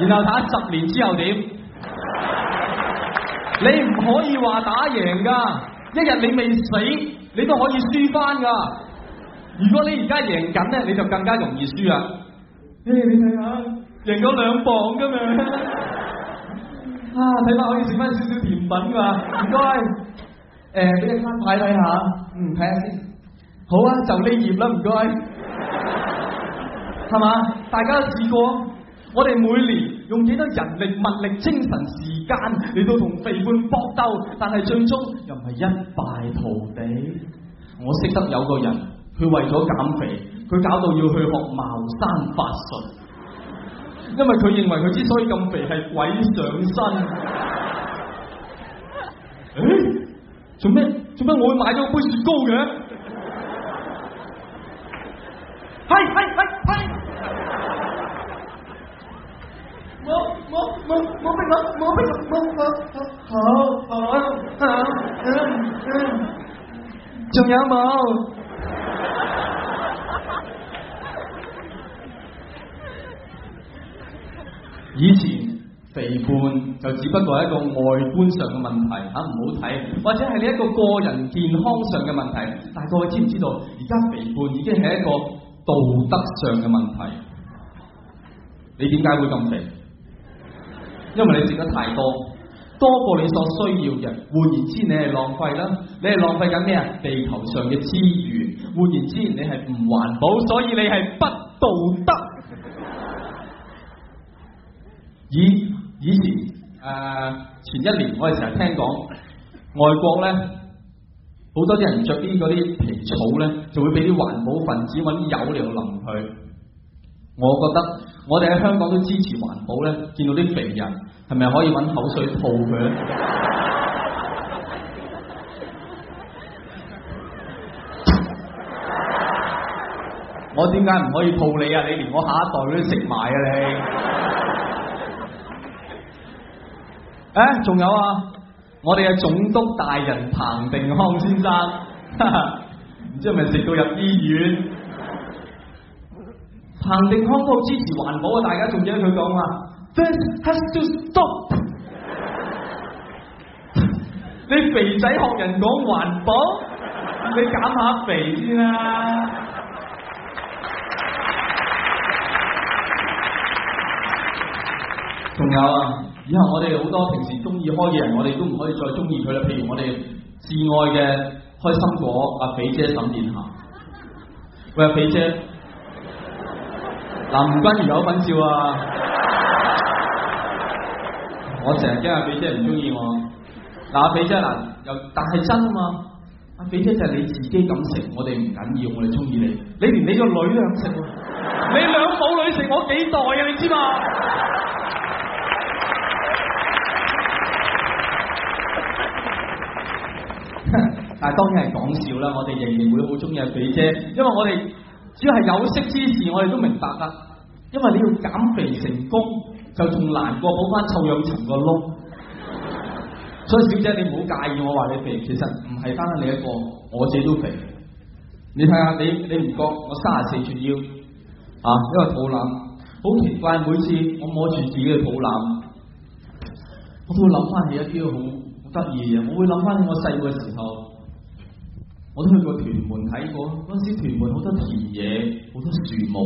然後睇十年之後點？ <laughs> 你唔可以話打贏噶，一日你未死，你都可以輸翻噶。如果你而家贏緊咧，你就更加容易輸啊！你睇下。贏咗兩磅噶嘛啊，啊睇下可以食翻少少甜品㗎嘛？唔該，誒俾你返牌睇下，嗯睇下先，好啊就呢頁啦，唔該，係嘛？大家都試過，我哋每年用幾多人力、物力、精神、時間嚟到同肥胖搏鬥，但係最終又唔係一敗塗地。我識得有個人，佢為咗減肥，佢搞到要去學茅山法術。因為佢認為佢之所以咁肥係鬼上身，誒，做咩做咩我會買咗杯雪糕嘅？係係係係，冇冇冇冇邊個冇邊個冇冇冇，好啊好啊好啊，嗯嗯，仲有冇？以前肥胖就只不過係一個外觀上嘅問題吓，唔好睇，或者係你一個個人健康上嘅問題。大概你知唔知道，而家肥胖已經係一個道德上嘅問題。你點解會咁肥？因為你食得太多，多過你所需要嘅。換言之，你係浪費啦。你係浪費緊咩啊？地球上嘅資源。換言之，你係唔環保，所以你係不道德。以以前誒、呃、前一年我，我哋成日聽講外國咧，好多啲人着啲嗰啲皮草咧，就會俾啲環保分子揾啲油嚟度淋佢。我覺得我哋喺香港都支持環保咧，見到啲肥人係咪可以揾口水吐佢？ <laughs> 我點解唔可以吐你啊？你連我下一代都食埋啊你！誒，仲、啊、有啊！我哋嘅總督大人彭定康先生，唔哈哈知係咪食到入醫院？ <laughs> 彭定康都支持環保啊！大家仲記得佢講嘛？That has to stop！ <laughs> 你肥仔學人講環保， <laughs> 你減下肥先、啊、啦！仲有啊！以後我哋好多平時中意開嘅人，我哋都唔可以再中意佢啦。譬如我哋摯愛嘅開心果阿肥姐沈殿霞，喂、 <laughs> 啊、肥姐，嗱吳君如有份照啊！啊 <laughs> 我成日驚阿肥姐唔中意我。嗱阿肥姐嗱、啊、又但係真啊嘛，阿肥姐就係你自己咁食，我哋唔緊要緊，我哋中意你。你連你個女都咁食，你、啊、 <laughs> 你兩母女食我幾代啊？你知嘛？但係當然係講笑啦！我哋仍然會好中意肥姐，因為我哋只要係有識之士，我哋都明白啦。因為你要減肥成功，就仲難過補翻臭氧層個窿。 <laughs> 所以小姐，你唔好介意我話你肥，其實唔係單單你一個，我自己都肥。你睇下你，你唔覺我三十四寸腰啊？因為肚腩好奇怪，每次我摸住自己嘅肚腩，我都會諗翻起一啲好得意嘅嘢。我會諗翻起我細個嘅時候。我都去過屯門睇過，嗰時屯門好多田野，好多樹木。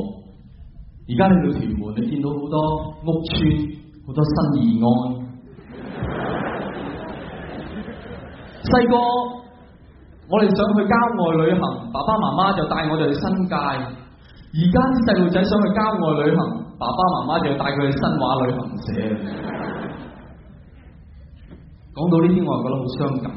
而家去到屯門，你見到好多屋村，好多新意。安。 <laughs> 細個我哋想去郊外旅行，爸爸媽媽就帶我哋去新界。而家啲細路仔想去郊外旅行，爸爸媽媽就帶佢去新華旅行社。講到呢啲，我又覺得好傷感。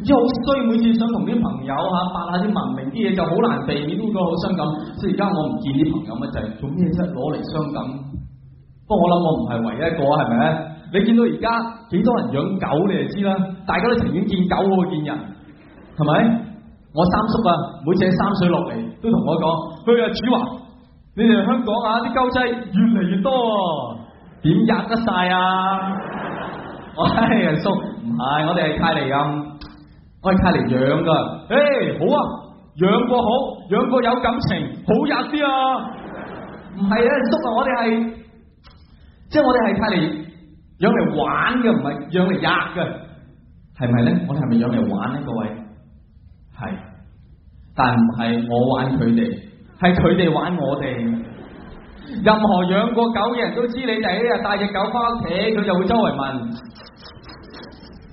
好衰，每次想同啲朋友吓，發下啲文明啲嘢就好難避免，覺得好傷感。即係而家我唔見啲朋友乜滯就係做咩啫？攞嚟傷感。我我不過我諗我唔係唯一一個，係咪？你見到而家幾多人養狗，你就知啦。大家都情願見狗過見人，係咪？我三叔啊，每次喺三水落嚟都同我講，去話、嗯、主話，你哋香港嚇啲、啊、狗仔越嚟越多，點養得晒啊？ <laughs> 不是我係阿叔，唔係我哋係泰嚟㗎。我係靠嚟養噶，誒、欸、好啊，養過好，養過有感情，好日啲啊，唔係啊，叔啊，我哋係，即、就、係、是、我哋係靠嚟養嚟玩嘅，唔係養嚟日嘅，係咪咧？我哋係咪養嚟玩咧？各位，係，但唔係我玩佢哋，係佢哋玩我哋。任何養過狗嘅人都知道你，你第一日帶隻狗翻屋企，佢就會周圍問。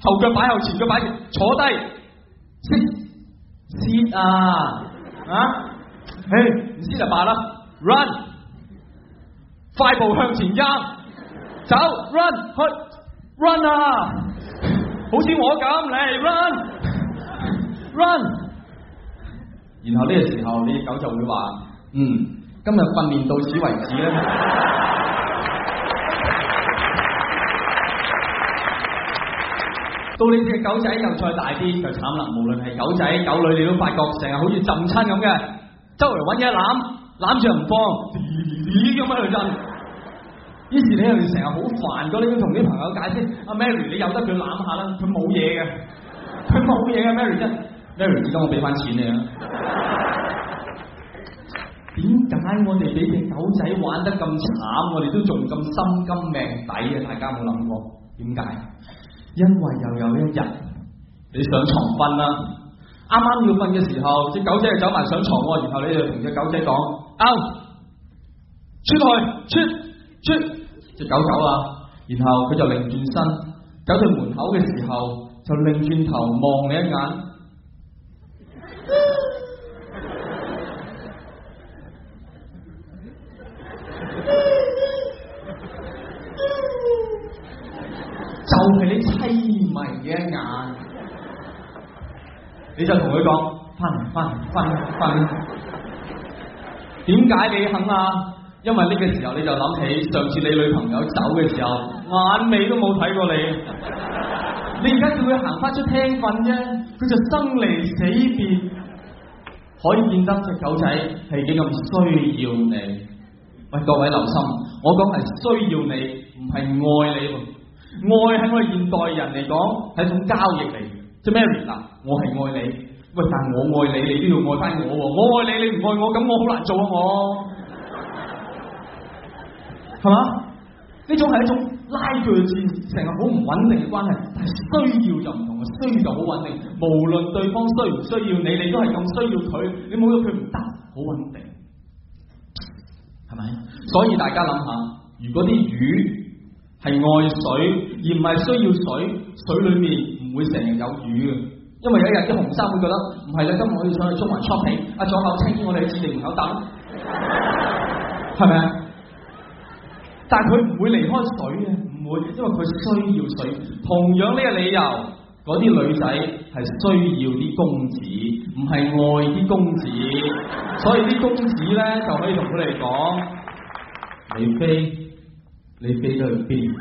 腳擺後，腳擺後，前腳擺，坐低，先，先啊，啊，誒，唔先就罷啦，run，快步向前一走，run，去，run 啊，好似我咁嚟，run，run，然後呢個時候，你隻狗就會話，嗯，今日訓練到此為止啦。 <laughs> 到你隻狗仔又再大啲，就慘啦。無論係狗仔、狗女，你都發覺成日好似浸親咁嘅，周圍揾嘢攬，攬住唔放，咦咦咁喺度震。於是你又要成日好煩咁，你要同啲朋友解釋，阿 Mary，你由得佢攬下啦，佢冇嘢嘅，佢冇嘢嘅 Mary 啫。Mary，而家我俾翻錢你啊。點解我哋俾隻狗仔玩得咁慘，我哋都仲咁心甘命抵啊？大家有冇諗過？點解？因為又有一日，你上床瞓啦，啱啱要瞓嘅時候，隻狗仔就走埋上，上床，然後你就同隻狗仔講，嗯、出去開出出，隻出出狗狗啊，然後佢就擰轉身，走到門口嘅時候就擰轉頭望你一眼。 <laughs> 就係你淒迷嘅一眼，你就同佢講翻嚟翻嚟翻翻。點解你肯啊？因為呢個時候你就諗起上次你女朋友走嘅時候，眼尾都冇睇過你。 <laughs> 你而家叫佢行翻出廳瞓啫，佢就生離死別，可以見得隻狗仔係幾咁需要你。喂，各位留心，我講係需要你，唔係愛你。愛喺我哋現代人嚟講係一種交易嚟，即咩嚟嗱？我係愛你，喂，但我愛你，你都要愛翻我。我愛你，你唔愛我，咁我好難做啊！我係嘛？呢種係一種拉鋸戰，成日好唔穩定嘅關係。但係需要就唔同，需要就好穩定。無論對方需唔需要你，你都係咁需要佢。你冇咗佢唔得，好穩定，係咪？所以大家諗下，如果啲魚。係愛水，而唔係需要水。水裏面唔會成日有魚嘅，因為有一日啲紅衫會覺得唔係咧，今日我要上去捉埋捉起。阿左友清，後我哋喺指定門口等，係咪啊？但係佢唔會離開水嘅，唔會，因為佢需要水。同樣呢個理由，嗰啲女仔係需要啲公子，唔係愛啲公子，所以啲公子咧就可以同佢哋講，李飛。你飛到去邊？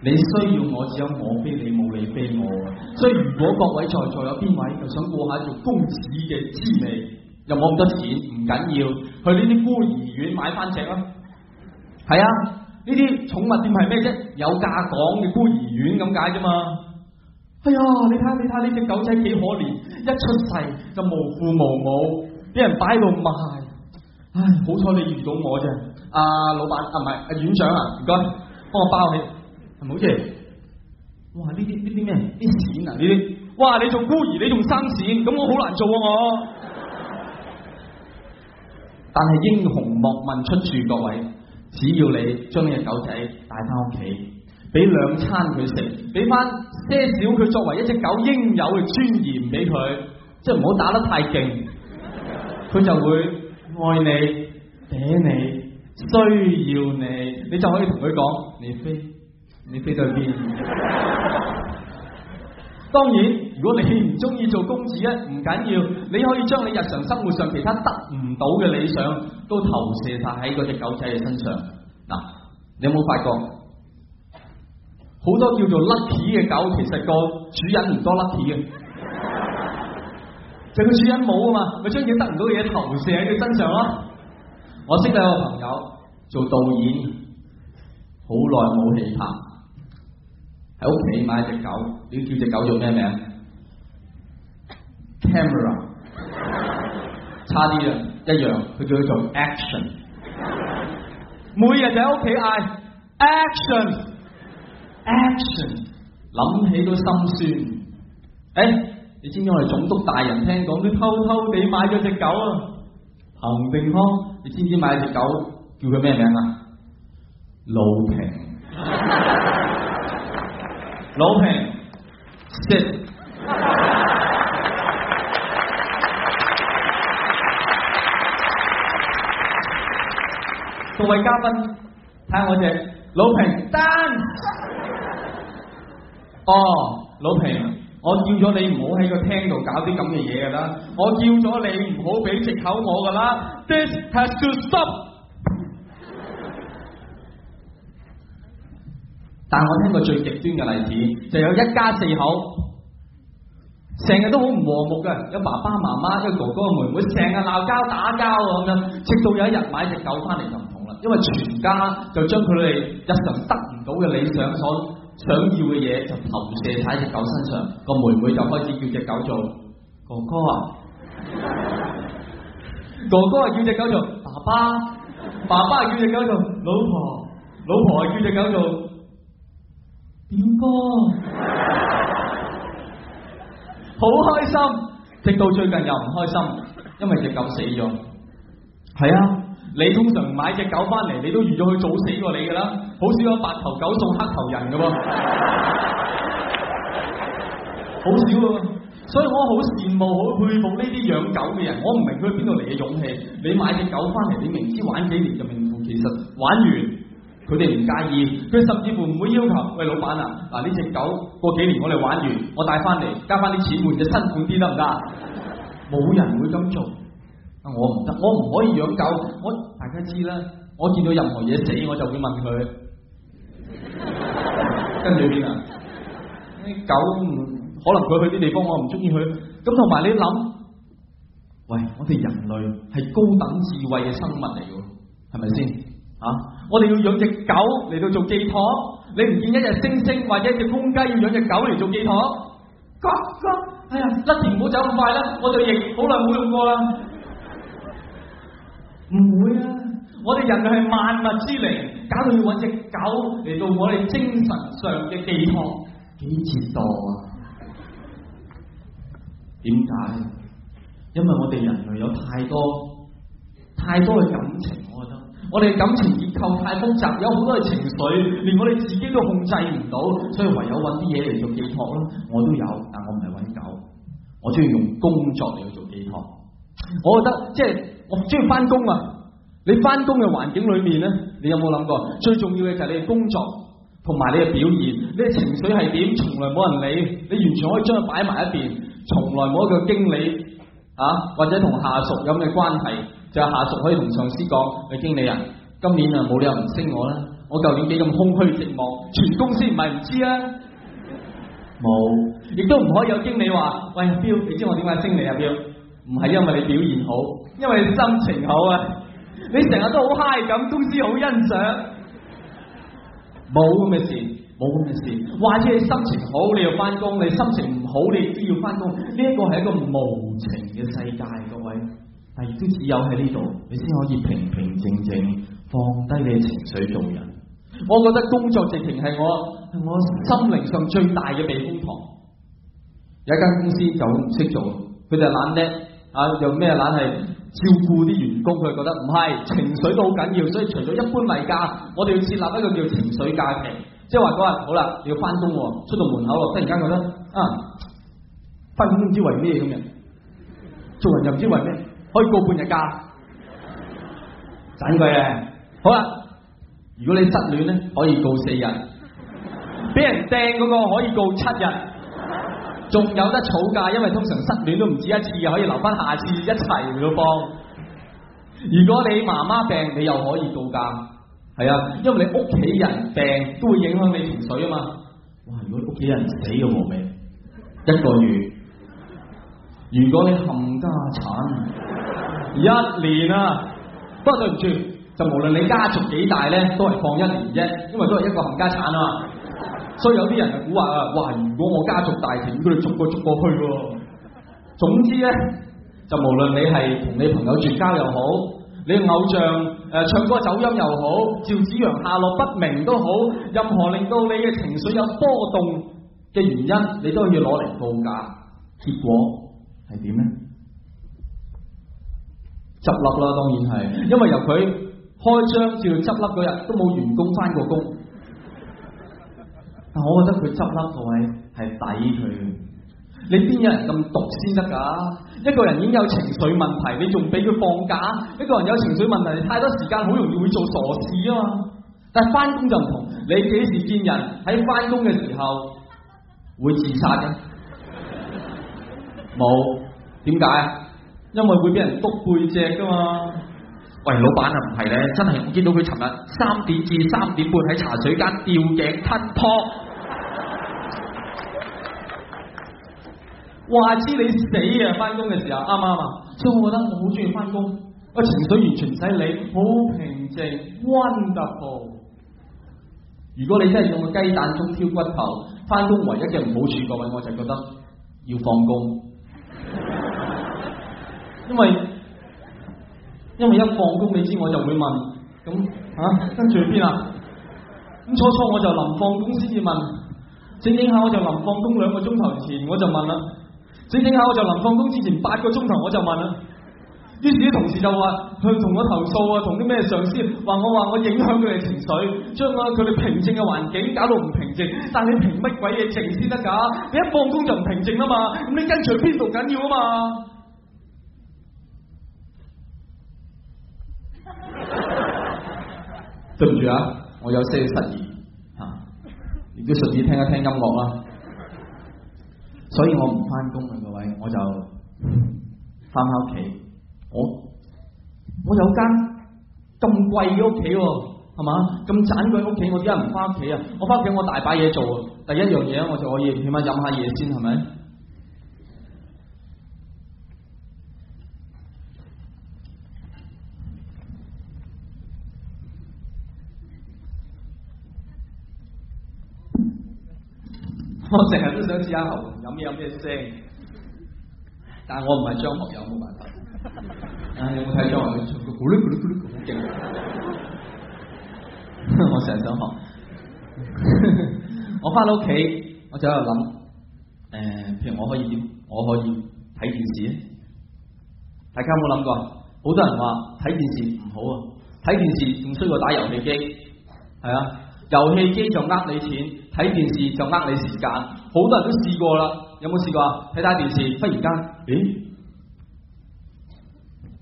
你需要我，只有我飛你，冇你飛我。所以如果各位在座有邊位就想過下做公子嘅滋味，又冇咁多錢，唔緊要，去呢啲孤兒院買翻隻咯。係啊，呢啲寵物店係咩啫？有價講嘅孤兒院咁解啫嘛。哎呀，你睇下，你睇下呢隻狗仔幾可憐。一出世就無父無母，俾人擺喺度賣。唉，好彩你遇到我啫，啊，老闆，唔係阿院長啊，唔該，幫我包你，唔好謝。哇，呢啲呢啲咩？啲錢啊，呢啲。哇，你做孤兒你仲生錢，咁我好難做啊我。 <laughs> 但係英雄莫問出處，各位，只要你將呢隻狗仔帶翻屋企。俾兩餐佢食，俾翻些少佢作為一隻狗應有嘅尊嚴俾佢，即係唔好打得太勁，佢就會愛你、嗲你、需要你，你就可以同佢講，你飛，你飛到去邊？ <laughs> 當然，如果你唔中意做公子咧，唔緊要，你可以將你日常生活上其他得唔到嘅理想，都投射晒喺嗰隻狗仔嘅身上。嗱，你有冇發覺？好多叫做 lucky 嘅狗，其實個主人唔多 lucky 嘅，就個主人冇啊嘛，佢將佢得唔到嘢，投射喺佢身上咯。我識得有個朋友做導演，好耐冇戲拍，喺屋企買隻狗，你要叫隻狗做咩名？Camera，差啲樣，一樣，佢叫佢做 Action，每日喺屋企嗌 Action。action 諗起都心酸。誒，你知唔知我哋總督大人，聽講都偷偷地買咗隻狗啊，彭定康，你知唔知買隻狗叫佢咩名啊？老平，老平，sit，各位嘉賓，睇下我隻老平，down。哦，老皮，我叫咗你唔好喺個廳度搞啲咁嘅嘢噶啦，我叫咗你唔好俾藉口我噶啦，This has to stop。 <laughs> 但係我聽過最極端嘅例子，就有一家四口，成日都好唔和睦嘅，有爸爸媽媽，有哥哥、妹妹，成日鬧交、打交咁樣，直到有一日買隻狗翻嚟就唔同啦，因為全家就將佢哋日常得唔到嘅理想所想要嘅嘢就投射喺隻狗身上，個妹妹就開始叫隻狗做哥哥，哥哥叫隻狗做爸爸，爸爸叫隻狗做老婆，老婆叫隻狗做點哥，好開心，直到最近又唔開心，因為隻狗死咗，係啊。你通常買隻狗翻嚟，你都預咗佢早死過你噶啦，好少有白頭狗送黑頭人噶喎， <laughs> 好少噶，所以我好羨慕、好佩服呢啲養狗嘅人，我唔明佢邊度嚟嘅勇氣。你買隻狗翻嚟，你明知玩幾年就名副其實玩完佢哋唔介意，佢甚至乎唔會要求，喂，老闆啊，嗱呢隻狗過幾年我哋玩完，我帶翻嚟加翻啲錢換隻辛苦啲得唔得？冇 <laughs> 人會咁做。我唔得，我唔可以養狗。我大家知啦，我見到任何嘢死，我就會問佢。跟住邊啊？啲狗可能佢去啲地方，我唔中意去。咁同埋你諗，喂，我哋人類係高等智慧嘅生物嚟嘅，係咪先啊？我哋要養隻狗嚟到做寄託，你唔見一日星星或者一隻公雞要養隻狗嚟做寄託？嗰嗰，哎呀，失田唔好走咁快啦，我對翼好耐冇用過啦。唔會啊！我哋人類係萬物之靈，搞到要搵隻狗嚟到我哋精神上嘅寄託，幾折墮啊？點解？因為我哋人類有太多、太多嘅感情，我覺得我哋感情結構太複雜，有好多嘅情緒，連我哋自己都控制唔到，所以唯有搵啲嘢嚟做寄托咯。我都有，但我唔係搵狗，我中意用工作嚟去做寄託。我覺得即係。我唔中意翻工啊！你翻工嘅環境裏面咧，你有冇諗過最重要嘅就係你嘅工作同埋你嘅表現，你嘅情緒係點，從來冇人理，你完全可以將佢擺埋一邊，從來冇一個經理啊或者同下屬咁嘅關係，就係、下屬可以同上司講：，你經理啊，今年啊冇理由唔升我啦！我舊年幾咁空虛寂寞，全公司唔係唔知啊。」冇，亦都唔可以有經理話：，喂，阿標，你知我點解升你啊，標？唔係因為你表現好，因為你心情好啊！你成日都好 high 咁，公司好欣賞。冇咁嘅事，冇咁嘅事。或者你心情好，你要翻工；你心情唔好，你亦都要翻工。呢一個係一個無情嘅世界，各位。但亦都只有喺呢度，你先可以平平靜靜放低你嘅情緒做人。我覺得工作直情係我，係我心靈上最大嘅避風塘。有一間公司就唔識做，佢就懶叻。啊，用咩？攬係照顧啲員工，佢覺得唔係情緒都好緊要，所以除咗一般例假，我哋要設立一個叫情緒假期，即係話日好啦，你要翻工，出到門口咯，突然間覺得啊，翻工唔知為咩咁樣，做人又唔知為咩，可以告半日假，盞鬼嘅，好啦，如果你失戀咧，可以告四日，俾人掟嗰個可以告七日。仲有得儲假因為通常失戀都唔止一次，可以留翻下一次一齊都放。如果你媽媽病，你又可以告假，係啊，因為你屋企人病都會影響你情緒啊嘛。哇，如果屋企人死都冇命， <laughs> 一個月。如果你冚家產， <laughs> 一年啊，不過對唔住，就無論你家族幾大咧，都係放一年啫，因為都係一個冚家產啊嘛。所以有啲人就估話啊，哇！如果我家族大團，佢哋逐，逐個逐個去喎。總之咧，就無論你係同你朋友絕交又好，你偶像誒、呃、唱歌走音又好，趙紫陽下落不明都好，任何令到你嘅情緒有波動嘅原因，你都要攞嚟報價。結果係點咧？執笠啦，當然係，因為由佢開張至到執笠嗰日，都冇員工翻過工。我覺得佢執笠個位係抵佢，你邊有人咁毒先得噶？一個人已經有情緒問題，你仲俾佢放假？一個人有情緒問題，太多時間好容易會做傻事啊嘛。但係翻工就唔同，你幾時見人喺翻工嘅時候會自殺嘅？冇，點解？因為會俾人督背脊噶嘛？喂，老闆啊，唔係咧，真係我見到佢尋日三點至三點半喺茶水間吊頸踢拖。話知你死啊！翻工嘅時候啱嘛啱嘛，所以我覺得我好中意翻工，個情緒完全唔使理，好平靜、wonderful。如果你真係用個雞蛋中挑骨頭，翻工唯一嘅唔好處，各位我就覺得要放工， <laughs> 因為因為一放工，你知我就會問，咁啊跟住去邊啊？咁初初我就臨放工先至問，正正下我就臨放工兩個鐘頭前我就問啦。整整下我就臨放工之前八個鐘頭我就問啦，於是啲同事就話去同我投訴啊，同啲咩上司話我話我影響佢哋情緒，將我佢哋平靜嘅環境搞到唔平靜。但你憑乜鬼嘢靜先得㗎？你一放工就唔平靜啊嘛，咁你跟住去邊度緊要啊嘛？對唔住啊，我有些失業嚇，亦、啊、都順便聽一聽音樂啦。所以我唔翻工啊，各位，我就翻翻屋企。我有間我，我，我有間咁貴嘅屋企喎，係嘛，咁盞嘅屋企，我點解唔翻屋企啊？我翻屋企我大把嘢做，第一樣嘢我就可以起碼飲下嘢先，係咪？我成日都想試下喉嚨有咩有咩聲，但係我唔係張學友，冇辦法。 <laughs> 啊、有冇睇張學友唱咕嚕咕嚕咕嚕咁勁。 <laughs> 我成日想學。 <laughs> 我翻到屋企，我就喺度諗，誒、呃，譬如我可以點？我可以睇電視。大家有冇諗過？好多人話睇電視唔好啊，睇電視仲衰過打遊戲機，係啊，遊戲機就呃你錢。睇電視就呃你時間，好多人都試過啦，有冇試過啊？睇睇電視，忽然間，咦？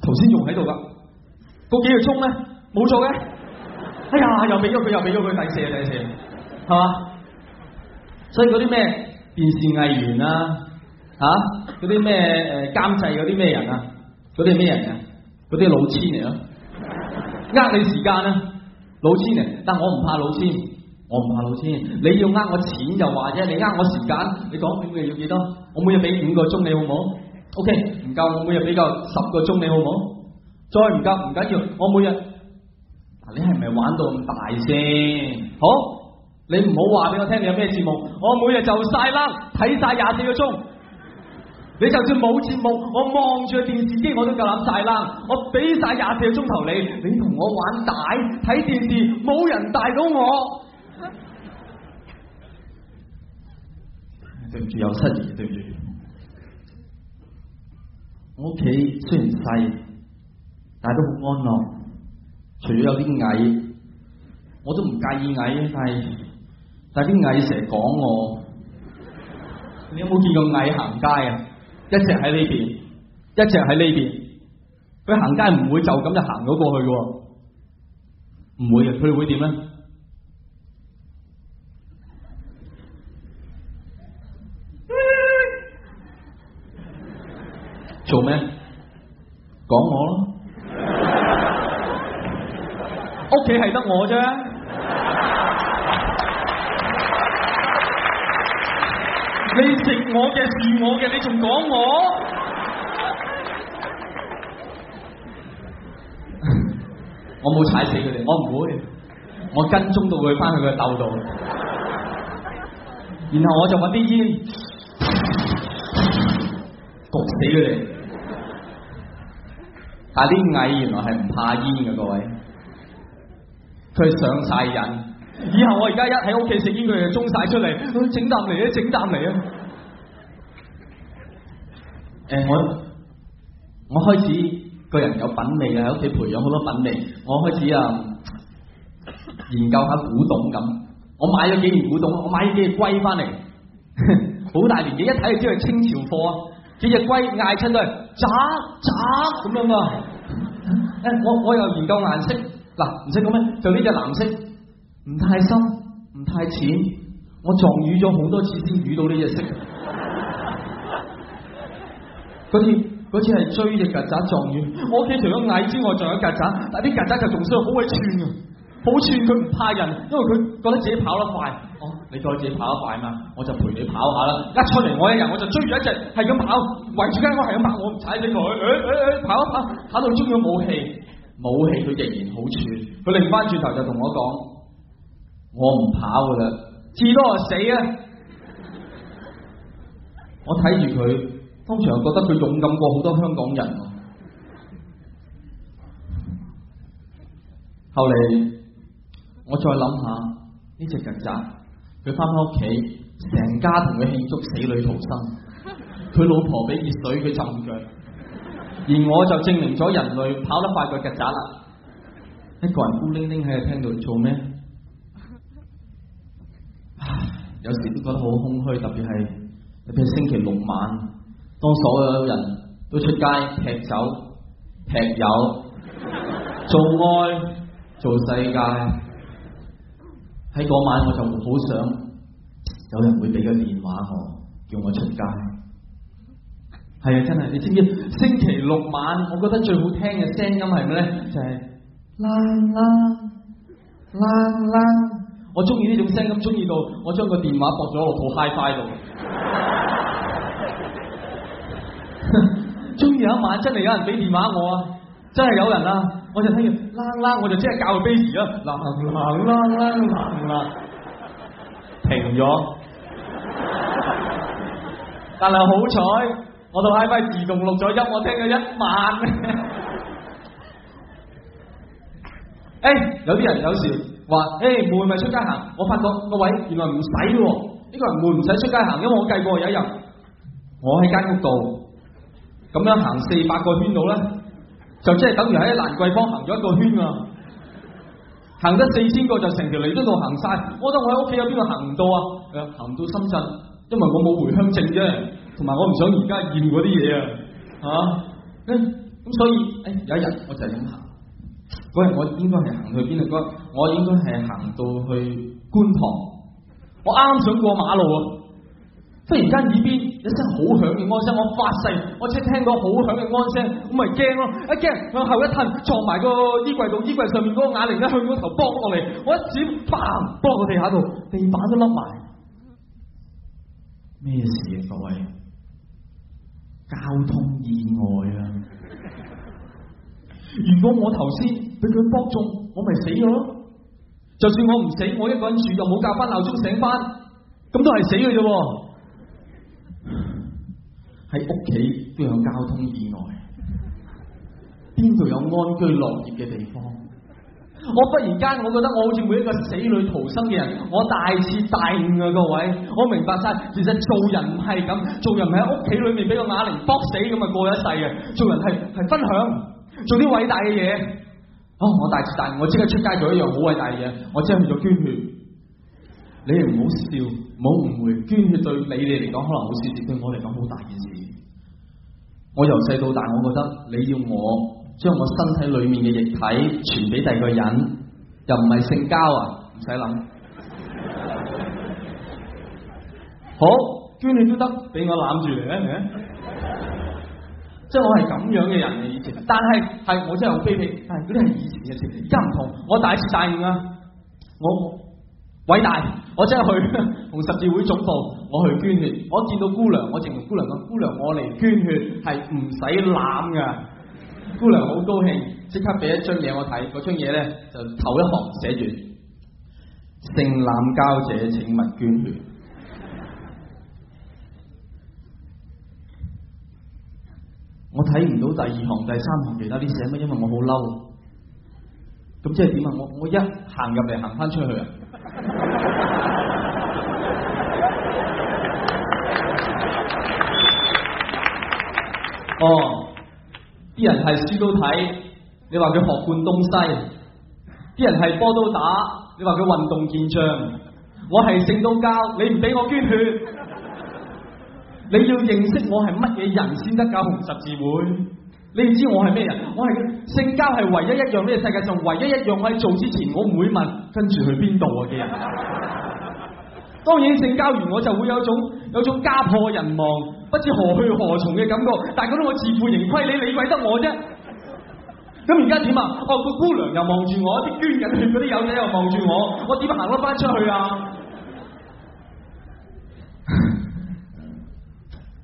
頭先仲喺度噶，嗰幾個鐘咧，冇錯嘅，哎呀，又俾咗佢，又俾咗佢，第四第四，係嘛？所以嗰啲咩電視藝員啊，吓、啊，嗰啲咩誒監製嗰啲咩人啊，嗰啲咩人啊？嗰啲老千嚟咯、啊，呃你時間啊，老千嚟，但我唔怕老千。我唔怕老千，你要呃我錢就話啫，你呃我時間，你講點嘅要幾多？我每日俾五個鐘你好唔好？OK，唔夠我每日俾夠十個鐘你好唔好？再唔夠唔緊要，我每日你不係咪玩到咁大先？好，你唔好話俾我聽你有咩節目，我每日就晒啦，睇晒廿四個鐘。你就算冇節目，我望住電視機我都夠攬晒啦，我俾晒廿四個鐘頭你，你同我玩大睇電視，冇人大到我。對唔住，有失言，對唔住。我屋企雖然細，但係都好安樂。除咗有啲蟻，我都唔介意蟻，但係但係啲蟻成日講我。你有冇見過蟻行街啊？一隻喺呢邊，一隻喺呢邊。佢行街唔會就咁就行咗過去噶，唔會啊！佢會點咧？講我咯，屋企係得我啫，你食我嘅，住我嘅，你仲講我？我冇踩死佢哋，我唔會，我跟蹤到佢翻去個竇度，然後我就揾啲煙焗死佢哋。但啲蟻原來係唔怕煙嘅各位，佢上晒癮，以後我而家一喺屋企食煙，佢就衝晒出嚟，整啖嚟啊，整啖嚟啊！誒，我我開始個人有品味啊，喺屋企培養好多品味，我開始啊、嗯、研究下古董咁，我買咗幾件古董，我買咗幾件龜翻嚟，好大年紀，一睇就知係清朝貨。隻隻龜嗌親都係渣渣咁樣，啊，誒，我我又研究顏色，嗱，唔識講咩？就呢隻藍色，唔太深，唔太淺，我撞魚咗好多次先遇到呢隻色。嗰次嗰次係追隻曱甴撞魚，我屋企除咗蟻之外仲有曱甴，但係啲曱甴就仲衰，好鬼串啊！好串佢唔怕人，因為佢覺得自己跑得快。哦，你覺得自己跑得快嘛？我就陪你跑下啦。一出嚟我一人，我就追住一隻，係咁跑，圍住間我係咁拍我唔踩死佢，誒誒誒，跑一跑，跑到中咗武器，武器佢仍然好串，佢擰翻轉頭就同我講：我唔跑噶啦，至多死啊！我睇住佢，通常覺得佢勇敢過好多香港人。後嚟。我再諗下呢隻曱甴，佢翻翻屋企，成家同佢慶祝死裏逃生，佢老婆俾熱水佢浸腳，而我就證明咗人類跑得快過曱甴啦！一個人孤零零喺度聽度做咩？唉，有時都覺得好空虛，特別係你睇星期六晚，當所有人都出街劈酒、劈友、做愛、做世界。喺嗰晚我就好想有人會俾個電話我，叫我出街。係啊，真係，你知唔知星期六晚我覺得最好聽嘅聲音係咩咧？就係、是、啦啦啦啦，我中意呢種聲音，中意到我將個電話駁咗落部 HiFi 度。中 <laughs> 意有一晚真係有人俾電話我啊！真係有人啦。我就聽見啦啦，我就即係教個 base 咯，啦啦啦啦啦，停咗。但係好彩，我套 HiFi 自動錄咗音，我聽咗一晚。誒，有啲人有時話，誒，門咪出街行，我發覺各位原來唔使喎，呢個門唔使出街行，因為我計過有一日，我喺間屋度，咁樣行四百個圈度咧。就即係等於喺蘭桂坊行咗一個圈啊，行得四千個就成條嚟，都度行晒。我覺得我喺屋企有邊度行唔到啊？行唔到深圳，因為我冇回鄉證啫，同埋我唔想而家驗嗰啲嘢啊，吓、啊，咁所以，誒有一日我就係咁行，嗰日我應該係行去邊度？我我應該係行到去觀塘，我啱想過馬路。啊。忽然間耳邊一聲好響嘅安聲，我發誓我即係聽到好響嘅安聲，咁咪驚咯，一驚向後一褪，撞埋個衣櫃度，衣櫃上面嗰個啞鈴咧向我頭撲落嚟，我一剪，啪，崩到地下度，地板都甩埋。咩 <laughs> 事啊，各位？交通意外啊！ <laughs> 如果我頭先俾佢撲中，我咪死咯，啊。就算我唔死，我一個人住又冇教翻鬧鐘醒翻，咁都係死嘅啫，啊。喺屋企都有交通意外，邊度有安居樂業嘅地方？我忽然間我覺得我好似每一個死裏逃生嘅人，我大徹大悟啊！各位，我明白晒，其實做人唔係咁，做人唔係喺屋企裏面俾個啞鈴卜死咁啊過一世嘅，做人係係分享，做啲偉大嘅嘢。哦，我大徹大悟，我即刻出街做一樣好偉大嘅嘢，我即刻去做捐血。你哋唔好笑，唔好誤會，捐血對你哋嚟講可能會小事，對我嚟講好大件事。我由細到大，我覺得你要我將我身體裏面嘅液體傳俾第二個人，又唔係性交啊？唔使諗，好捐你都得，俾我攬住嚟咧嚟即係我係咁樣嘅人嚟，以前，但係係我真係好卑鄙，係嗰啲係以前嘅事，而家唔同，我第一次大悟啦，我偉大，我真係去。 <laughs> 紅十字會總部，我去捐血。我見到姑娘，我形容姑娘個姑娘，我嚟捐血係唔使攬㗎。姑娘好高興，即刻俾一張嘢我睇。嗰張嘢咧就頭一行寫住：性濫交者請勿捐血。我睇唔到第二行、第三行其他啲寫乜，因為我好嬲。咁即係點啊？我我一行入嚟，行翻出去啊？ <laughs> 哦，啲人係書都睇，你話佢學貫東西；啲人係波都打，你話佢運動健將。我係聖都教，你唔俾我捐血，你要認識我係乜嘢人先得？搞紅十字會，你唔知我係咩人？我係聖教係唯一一樣，呢個世界上，就是唯一一樣，我喺做之前，我唔會問跟住去邊度嘅人。當然，性交完我就會有種有種家破人亡，不知何去何從嘅感覺。但係覺得我自負盈虧，你理為得我啫。咁而家點啊？哦，個姑娘又望住我，啲捐緊人血嗰啲友仔又望住我，我點行得翻出去啊？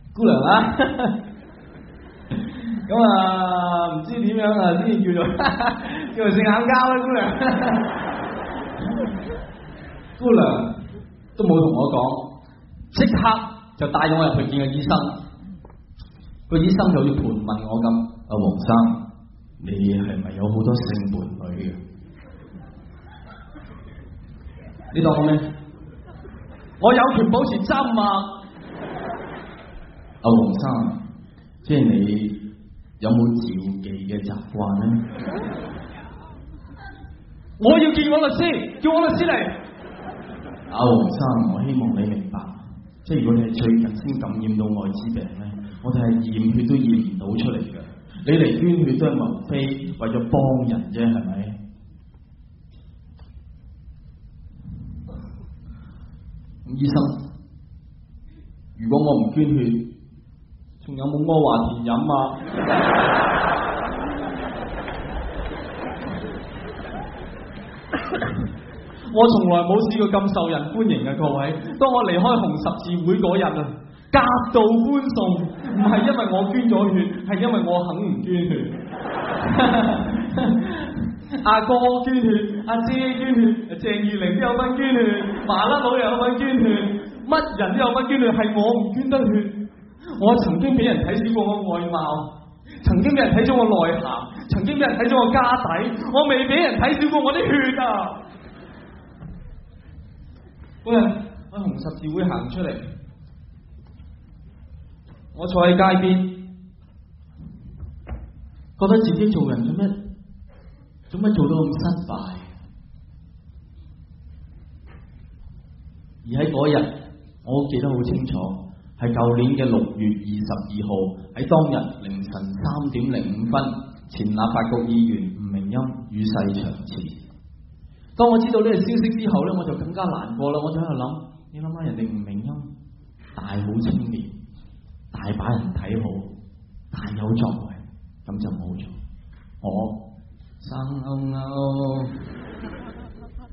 <laughs> 姑娘呀，咁啊唔知點樣啊？先 <laughs> 至、嗯、叫做 <laughs> 叫做性交啦，啊，姑娘， <laughs> 姑娘。都冇同我講，即刻就帶咗我入去見個醫生。個醫生就好似盤問我咁：阿黃生，你係咪有好多性伴侶嘅？ <laughs> 你當咩？我有權保持針啊！阿黃 <laughs> 生，即係你有冇召妓嘅習慣咧？ <laughs> 我要見我律師，叫我律師嚟。阿黃生，我希望你明白，即係如果你係最近先感染到艾滋病咧，我哋係驗血都驗唔到出嚟嘅。你嚟捐血都係無非為咗幫人啫，係咪？咁醫生，如果我唔捐血，仲有冇阿華田飲啊？ <laughs> <laughs> 我從來冇試過咁受人歡迎嘅。各位，當我離開紅十字會嗰日啊，夾道歡送，唔係因為我捐咗血，係因為我肯唔捐血。阿、 <laughs> 啊、哥捐血，阿、啊、姐、姐捐血，鄭、啊、裕玲都有份捐血，麻甩佬有份捐血，乜人都有份捐血，係我唔捐得血。我曾經俾人睇少過我外貌，曾經俾人睇咗我內涵，曾經俾人睇咗我家底，我未俾人睇少過我啲血啊！喂，我紅十字會行出嚟，我坐喺街邊，覺得自己做人做乜，做乜做到咁失敗。而喺嗰日，我記得好清楚，係舊年嘅六月二十二號，喺當日凌晨三點零五分，前立法局議員吳明欽與世長辭。當我知道呢個消息之後咧，我就更加難過啦。我就喺度諗，你諗下人哋吳明欽，大好青年，大把人睇好，大有作為，咁就冇咗。我生勾勾，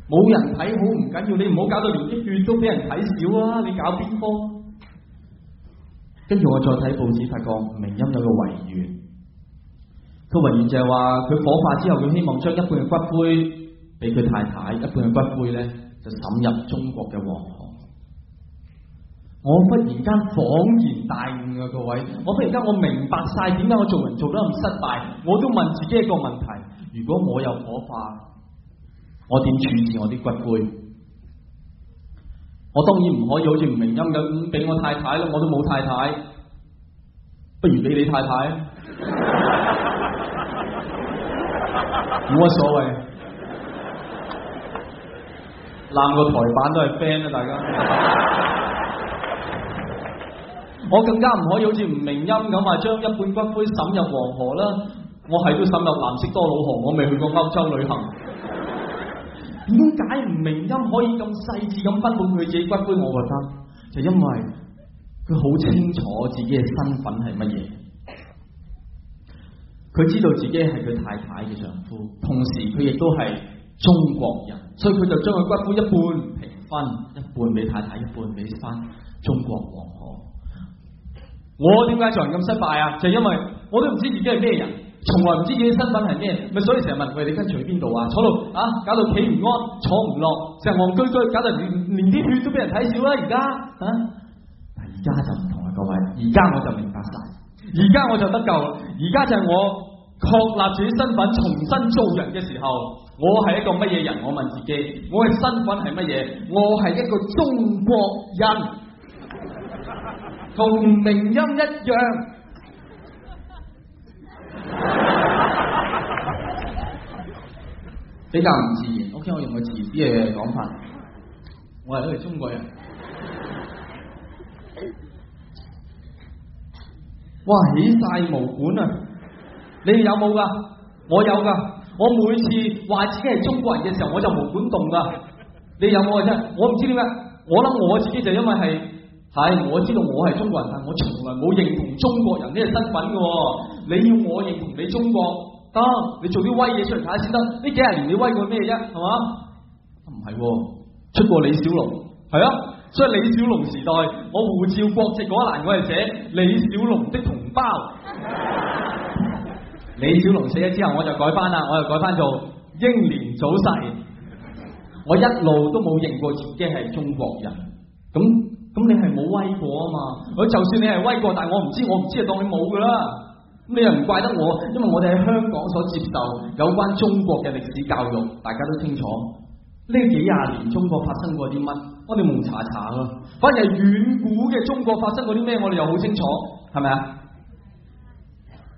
冇人睇好唔緊要，你唔好搞到連啲血都俾人睇少啊！你搞邊科？跟住我再睇報紙，發覺明欽有個遺願，佢遺願就係話佢火化之後，佢希望將一半嘅骨灰，俾佢太太一半嘅骨灰咧，就滲入中國嘅黃河。我忽然間恍然大悟啊，各位！我忽然間我明白晒點解我做人做得咁失敗。我都問自己一個問題：如果我有火化，我點處置我啲骨灰？我當然唔可以好似吳明音咁俾我太太咯，我都冇太太，不如俾你太太，冇乜 <laughs> 所謂。攬個台板都係 friend 啊！大家， <laughs> 我更加唔可以好似吳明欽咁啊，將一半骨灰滲入黃河啦。我係都滲入藍色多瑙河。我未去過歐洲旅行。點解吳明欽可以咁細緻咁分佈佢自己骨灰？我覺得就因為佢好清楚自己嘅身份係乜嘢。佢知道自己係佢太太嘅丈夫，同時佢亦都係中國人，所以佢就將佢骨灰一半平分，一半俾太太，一半俾翻中國黃河。我點解做人咁失敗啊？就係因為我都唔知自己係咩人，從來唔知自己身份係咩，咪所以成日問，喂，你跟住去邊度啊？坐到啊，搞到企唔安，坐唔落，成日戇居居，搞到連連啲血都俾人睇笑啦！而家啊，而家就唔同啦，各位，而家我就明白晒，而家我就得救啦，而家就係我。確立自己身份，重新做人嘅時候，我係一個乜嘢人？我問自己，我嘅身份係乜嘢？我係一個中國人，同明音一樣，比較唔自然。OK，我用個自然啲嘅講法，我係一個中國人。哇！起晒毛管啊！你哋有冇噶？我有噶。我每次話自己係中國人嘅時候，我就冇管動噶。你有冇啊？真，我唔知點解。我諗我自己就因為係，係、哎、我知道我係中國人，但我從來冇認同中國人呢個身份噶。你要我認同你中國，得，你做啲威嘢出嚟睇下先得。呢幾廿年你威過咩啫？係嘛？唔、啊、係、啊，出過李小龍，係啊。所以李小龍時代，我護照國籍嗰一欄我係寫李小龍的同胞。 <laughs> 李小龍死咗之後我，我就改翻啦，我就改翻做英年早逝。我一路都冇認過自己係中國人。咁咁你係冇威過啊嘛？我就算你係威過，但係我唔知，我唔知，知當你冇噶啦。你又唔怪得我，因為我哋喺香港所接受有關中國嘅歷史教育，大家都清楚。呢幾廿年中國發生過啲乜？我哋蒙查查啦。反正遠古嘅中國發生過啲咩，我哋又好清楚，係咪啊？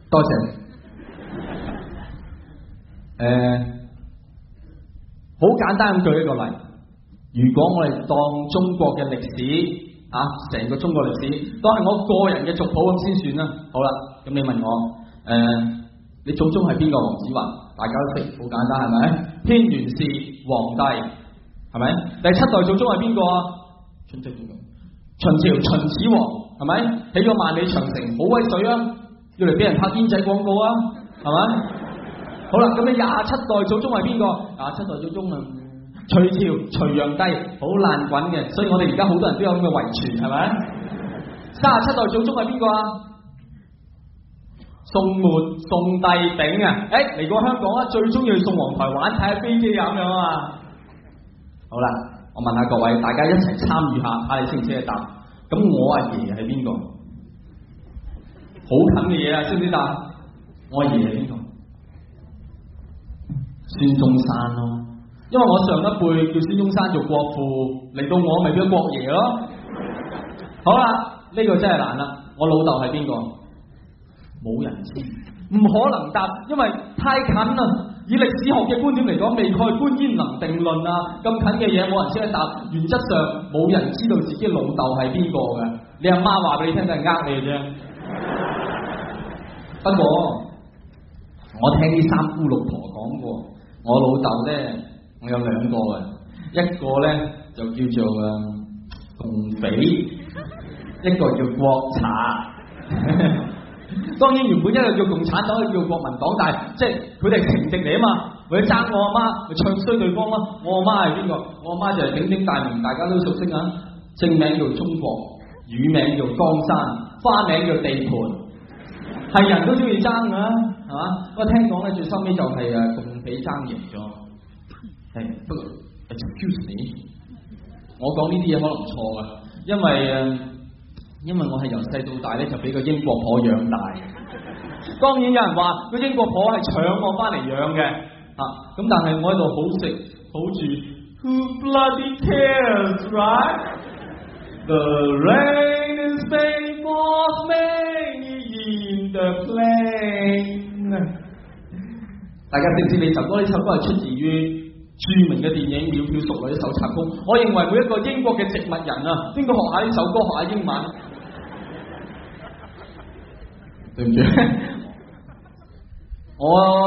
多謝。誒，好、呃、簡單，舉一個例，如果我哋當中國嘅歷史啊，成個中國歷史都係我個人嘅族譜咁先算啦。好啦，咁你問我，誒、呃，你祖宗係邊個黃子華？大家都識，好簡單係咪？軒轅氏，皇帝，係咪？第七代祖宗係邊個啊？秦朝秦朝秦始皇，係咪？起咗萬里長城，好威水啊！要嚟俾人拍煙仔廣告啊，係咪？好啦，咁你廿七代祖宗係邊個？廿七代祖宗啊，隋朝隋煬帝好爛滾嘅，所以我哋而家好多人都有咁嘅遺傳，係咪？三十七代祖宗係邊個啊？宋末宋帝昺啊！誒嚟過香港啊，最中意去宋皇台玩，睇下飛機啊咁樣啊！好啦，我問下各位，大家一齊參與下，睇下你識唔識得答。咁我阿爺係邊個？好近嘅嘢啊，識唔識答？我阿爺係邊個？孫中山咯、啊，因為我上一輩叫孫中山做國父，嚟到我咪變咗國爺咯。 <laughs> 好啦，呢、這個真係難啦。我老豆係邊個？冇人知，唔 <laughs> 可能答，因為太近啦。以歷史學嘅觀點嚟講，未蓋棺焉能定論啊！咁近嘅嘢，冇人知得答。原則上冇人知道自己老豆係邊個嘅。你阿媽話俾你聽就係、是、呃你啫。不過 <laughs> <laughs> 我，我聽啲三姑六婆講過。我老豆咧，我有兩個嘅，一個咧就叫做啊共匪，一個叫國賊。當然原本一個叫共產黨，一個叫國民黨，但係即係佢哋係情敵嚟啊嘛，為咗爭我阿媽，咪唱衰對方咯。我阿媽係邊個？我阿媽就係鼎鼎大名，大家都熟悉啊，正名叫中國，乳名叫江山，花名叫地盤，係人都中意爭噶，係嘛？不過聽講咧，最深屘就係啊。啊俾爭贏咗，係，不過 excuse me，我講呢啲嘢可能錯㗎，因為因為我係由細到大咧，就俾個英國婆養大，當然有人話個英國婆係搶我翻嚟養嘅，啊，咁但係我喺度好食好住，Who bloody cares, right？The rain is falling fast many in the plain。大家知唔知你首歌呢首歌係出自於著名嘅電影《窈窕淑女》呢首插曲？我認為每一個英國嘅植物人啊，應該學下呢首歌，學下英文。 <laughs> 對唔不住， <laughs> 我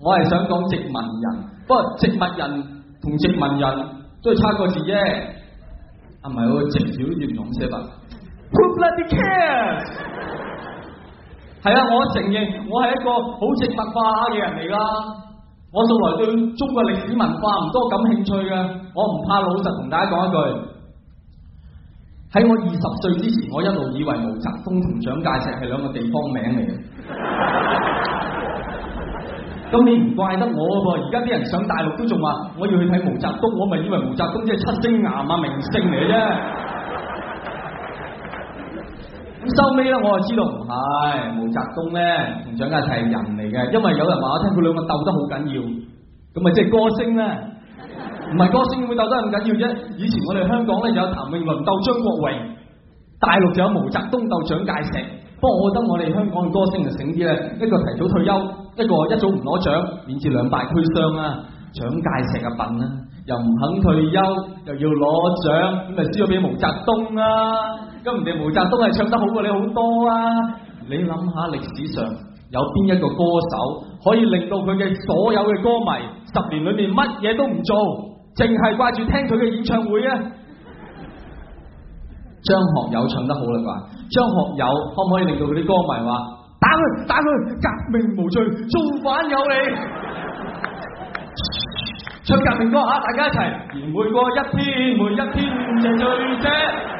<laughs> 我係想講殖民人，不過 <laughs> 植物人同殖民人都係差個字啫。 <laughs> 啊，唔係我直少啲用寫法。係啊，我承認我係一個好直白化嘅人嚟㗎。我素來對中國歷史文化唔多感興趣嘅，我唔怕老實同大家講一句：喺我二十歲之前，我一路以為毛澤東同蔣介石係兩個地方名嚟嘅。咁你唔怪得我噃，而家啲人上大陸都仲話我要去睇毛澤東，我咪以為毛澤東即係七星岩啊，明星嚟啫。咁收尾咧，我就知道唔係、哎，毛澤東咧同蔣介石係人嚟嘅，因為有人話我聽佢兩個鬥得好緊要，咁啊即係歌星咧，唔係歌星會鬥得咁緊要啫。以前我哋香港咧就有譚詠麟鬥張國榮，大陸就有毛澤東鬥蔣介石。不過我覺得我哋香港嘅歌星就醒啲咧，一個提早退休，一個一早唔攞獎，免至兩敗俱傷啦。蔣介石嘅笨啦，又唔肯退休，又要攞獎，咁咪輸咗俾毛澤東啦、啊。咁人哋毛澤東係唱得好過你好多啊！你諗下歷史上有邊一個歌手可以令到佢嘅所有嘅歌迷十年裏面乜嘢都唔做，淨係掛住聽佢嘅演唱會啊？張學友唱得好啦啩？張學友可唔可以令到佢啲歌迷話打佢打佢，革命無罪，造反有理？唱革命歌吓，大家一齊，唔會過一天，每一天淨罪啫。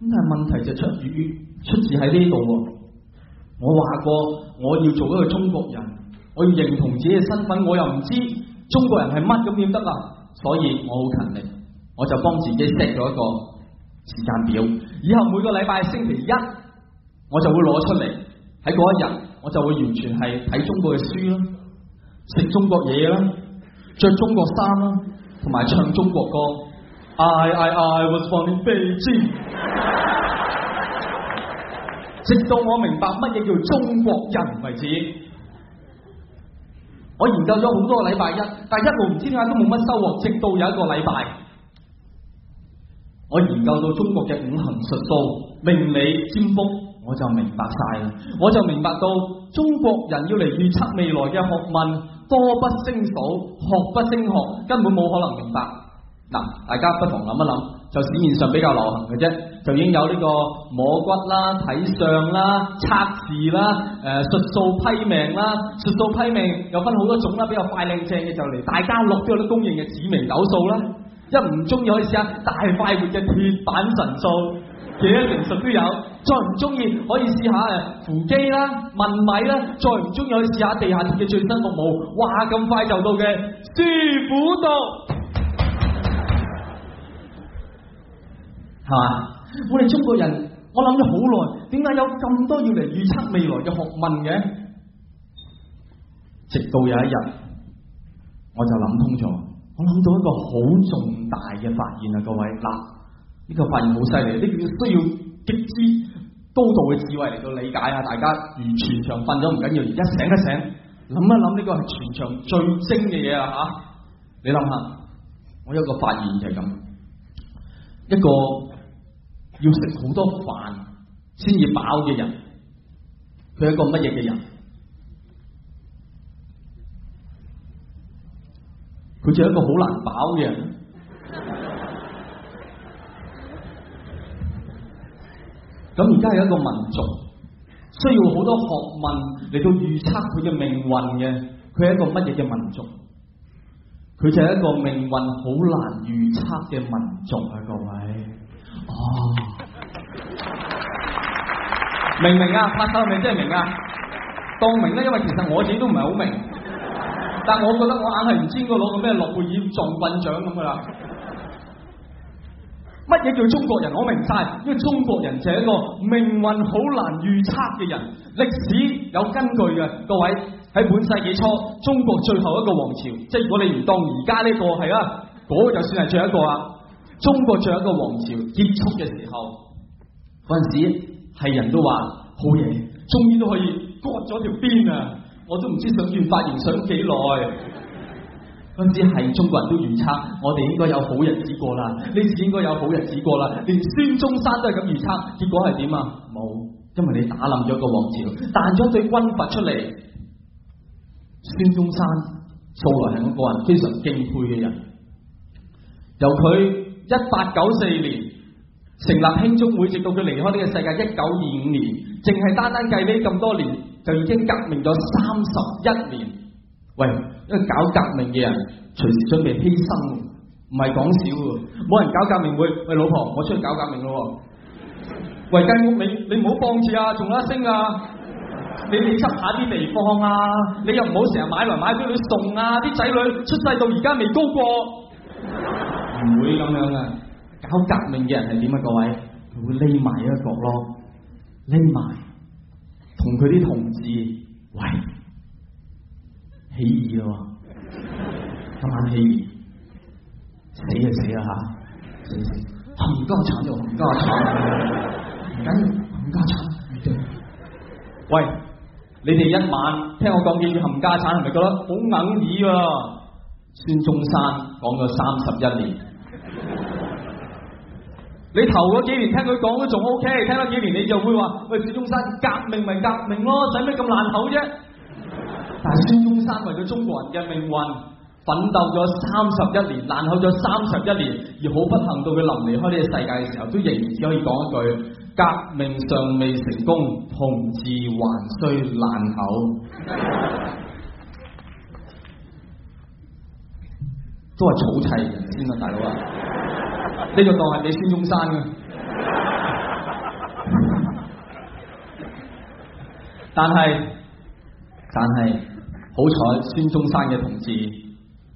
咁但係問題就出於出自喺呢度，我話過我要做一個中國人，我要認同自己嘅身份，我又唔知中國人係乜咁點得啊！所以我好勤力，我就幫自己 set 咗一個時間表，以後每個禮拜星期一我就會攞出嚟，喺嗰一日，我就會完全係睇中國嘅書啦，食中國嘢啦，着中國衫啦，同埋唱中國歌。I I I was born in Beijing，直到我明白乜嘢叫中國人為止，我研究咗好多個禮拜一，但一路唔知點解都冇乜收穫。直到有一個禮拜，我研究到中國嘅五行術數、命理占卜，我就明白晒啦。我就明白到中國人要嚟預測未來嘅學問多不勝數，學不勝學，根本冇可能明白。嗱，大家不妨諗一諗，就市面上比較流行嘅啫，就已經有呢個摸骨啦、睇相啦、測字啦、誒術數批命啦，術數批命又分好多種啦，比較快靚正嘅就嚟，大家樂都有啲公認嘅紫微斗數啦，一唔中意可以試下大快活嘅鐵板神數，幾多靈術都有，再唔中意可以試下誒扶乩啦、問米啦，再唔中意可以試下地下鐵嘅最新服務，哇咁快就到嘅師傅到。係嘛？我哋中國人，我諗咗好耐，點解有咁多要嚟預測未來嘅學問嘅？直到有一日，我就諗通咗，我諗到一個好重大嘅發現啊，各位嗱，呢個發現好犀利，呢個需要極之高度嘅智慧嚟到理解啊！大家如全場瞓咗唔緊要，而家醒一醒諗一諗，呢個係全場最精嘅嘢啦！吓，你諗下，我有個發現就係咁，一個。要食好多飯先至飽嘅人，佢係一個乜嘢嘅人？佢就係一個好難飽嘅人。咁而家係一個民族，需要好多學問嚟到預測佢嘅命運嘅。佢係一個乜嘢嘅民族？佢就係一個命運好難預測嘅民族啊！各位，哦。明唔明啊？拍手係咪真係明啊！當明咧，因為其實我自己都唔係好明，但我覺得我硬係唔知應該攞個咩諾貝爾撞棍獎咁噶啦。乜嘢叫中國人？我明晒，因為中國人就係一個命運好難預測嘅人。歷史有根據嘅，各位喺本世紀初，中國最後一個王朝，即係如果你唔當而家呢個係啊，嗰個就算係最後一個啊。中國最後一個王朝結束嘅時候，嗰陣時。係人都話好嘢，終於都可以割咗條辮！啊！我都唔知想點發言，想幾耐？跟住係中國人都預測我哋應該有好日子過啦，呢次應該有好日子過啦。連孫中山都係咁預測，結果係點啊？冇，因為你打冧咗個王朝，彈咗對軍閥出嚟。孫中山素來係我個人非常敬佩嘅人，由佢一八九四年，成立興中會，直到佢離開呢個世界一九二五年，淨係單單計呢咁多年，就已經革命咗三十一年。喂，一個搞革命嘅人隨時準備犧牲，唔係講笑嘅，冇人搞革命會。喂，老婆，我出去搞革命咯。喂，雞屋，你你唔好放住啊，仲有一升啊，你你執下啲地方啊，你又唔好成日買嚟買去送啊，啲仔女出世到而家未高過。唔會咁樣啊。搞革命嘅人係點啊？各位，佢會匿埋一個角咯，匿埋，同佢啲同志，喂，起義咯，今晚起義，死啊死啦吓，死死，冚家產就冚家產，唔緊冚家產，喂，你哋一晚聽我講嘅叫冚家產係咪覺得好硬耳啊？孫中山講咗三十一年。你頭嗰幾年聽佢講都仲 OK，聽咗幾年你就會話：喂，孫中山革命咪革命咯，使咩咁爛口啫？ <laughs> 但係孫中山為咗中國人嘅命運奮鬥咗三十一年，爛口咗三十一年，而好不幸到佢臨離開呢個世界嘅時候，都仍然只可以講一句：革命尚未成功，同志還需爛口。 <laughs> 都係草砌人先啊，大佬啊！呢個當係你孫中山嘅，但係但係好彩，孫中山嘅同志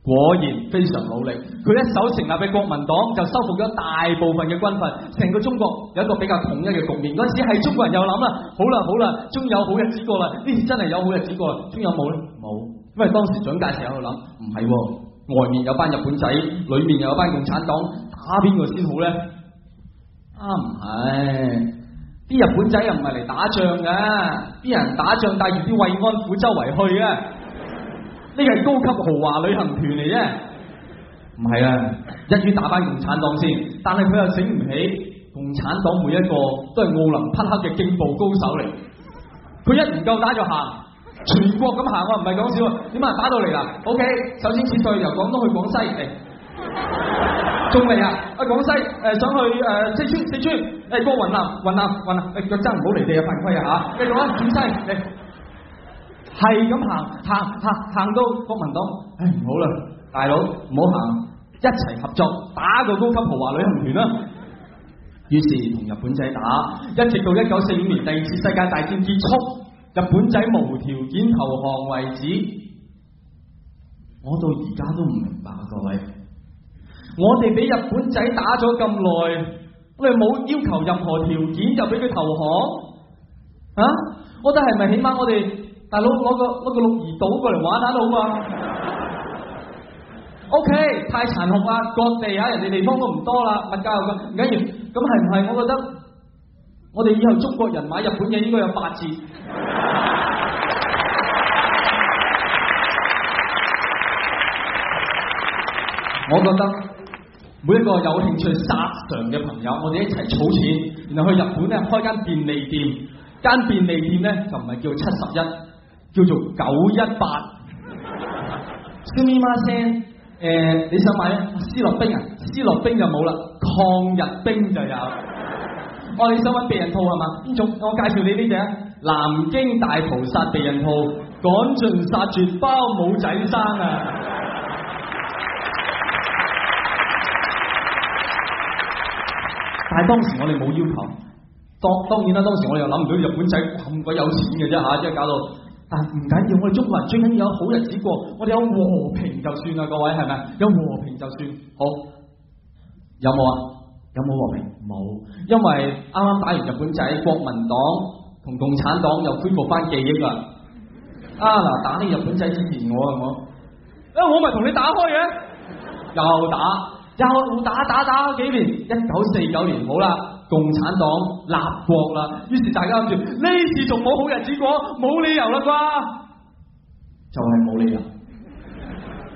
果然非常努力。佢一手成立嘅國民黨，就收服咗大部分嘅軍閥，成個中國有一個比較統一嘅局面。嗰陣時係中國人又諗啦，好啦好啦，終有好日子過啦，呢次真係有好日子過，終有冇咧？冇，因為當時蔣介石喺度諗，唔係、啊、外面有班日本仔，裏面又有班共產黨。打邊個先好咧？啊，唔係？啲日本仔又唔係嚟打仗嘅，啲人打仗帶住啲慰安婦周圍去嘅，呢個係高級豪華旅行團嚟啫。唔係啊，一於打翻共產黨先。但係佢又整唔起？共產黨每一個都係奧林匹克嘅競步高手嚟，佢一唔夠打就行，全國咁行，我唔係講笑。點啊？打到嚟啦。OK，首先撤退由廣東去廣西嚟。哎仲未啊，呃呃欸欸、啊？啊廣、嗯、西誒想去誒四川，四川誒過雲南，雲、欸、南，雲南誒，腳踭唔好離地啊，犯規啊吓！繼續啊，廣西嚟，係咁行，行，行，行到國民黨，唉唔好啦，大佬唔好行，一齊合作打個高級豪華旅行團啦、啊。於是同日本仔打，一直到一九四五年第二次世界大戰結束，日本仔無條件投降為止。我到而家都唔明白，各位。我哋俾日本仔打咗咁耐，我哋冇要求任何條件就俾佢投降啊！我哋係咪起碼我哋大佬攞個攞個鹿兒島過嚟玩下都好啊？OK，太殘酷啊！各地啊，人哋地方都唔多啦，物價又貴，唔緊要。咁係唔係？我覺得我哋以後中國人買日本嘢應該有八折。我覺得。每一個有興趣殺場嘅朋友，我哋一齊儲錢，然後去日本咧開一間便利店，間便利店咧就唔係叫七十一，叫做九一八。小咪媽先，誒你想買咩？思樂冰啊，思樂冰就冇啦，抗日冰就有。我哋、 <laughs> 啊、想揾避孕套係嘛？邊種？我介紹你呢隻啊，南京大屠殺避孕套，趕盡殺絕包冇仔生啊！但係當時我哋冇要求，當當然啦，當時我又諗唔到日本仔咁鬼有錢嘅啫吓，即係搞到，但係唔緊要，我哋中國人最緊要有好日子過，我哋有和平就算啦，各位係咪？有和平就算，好，有冇啊？有冇和平？冇有，因為啱啱打完日本仔，國民黨同共產黨又恢復翻記憶啦。啊，嗱，打呢日本仔之前我是是啊我，誒我咪同你打開嘅， <laughs> 又打。又打打打幾年，一九四九年好啦，共產黨立國啦，於是大家諗住呢次仲冇好日子過，冇理由啦啩，就係冇理由，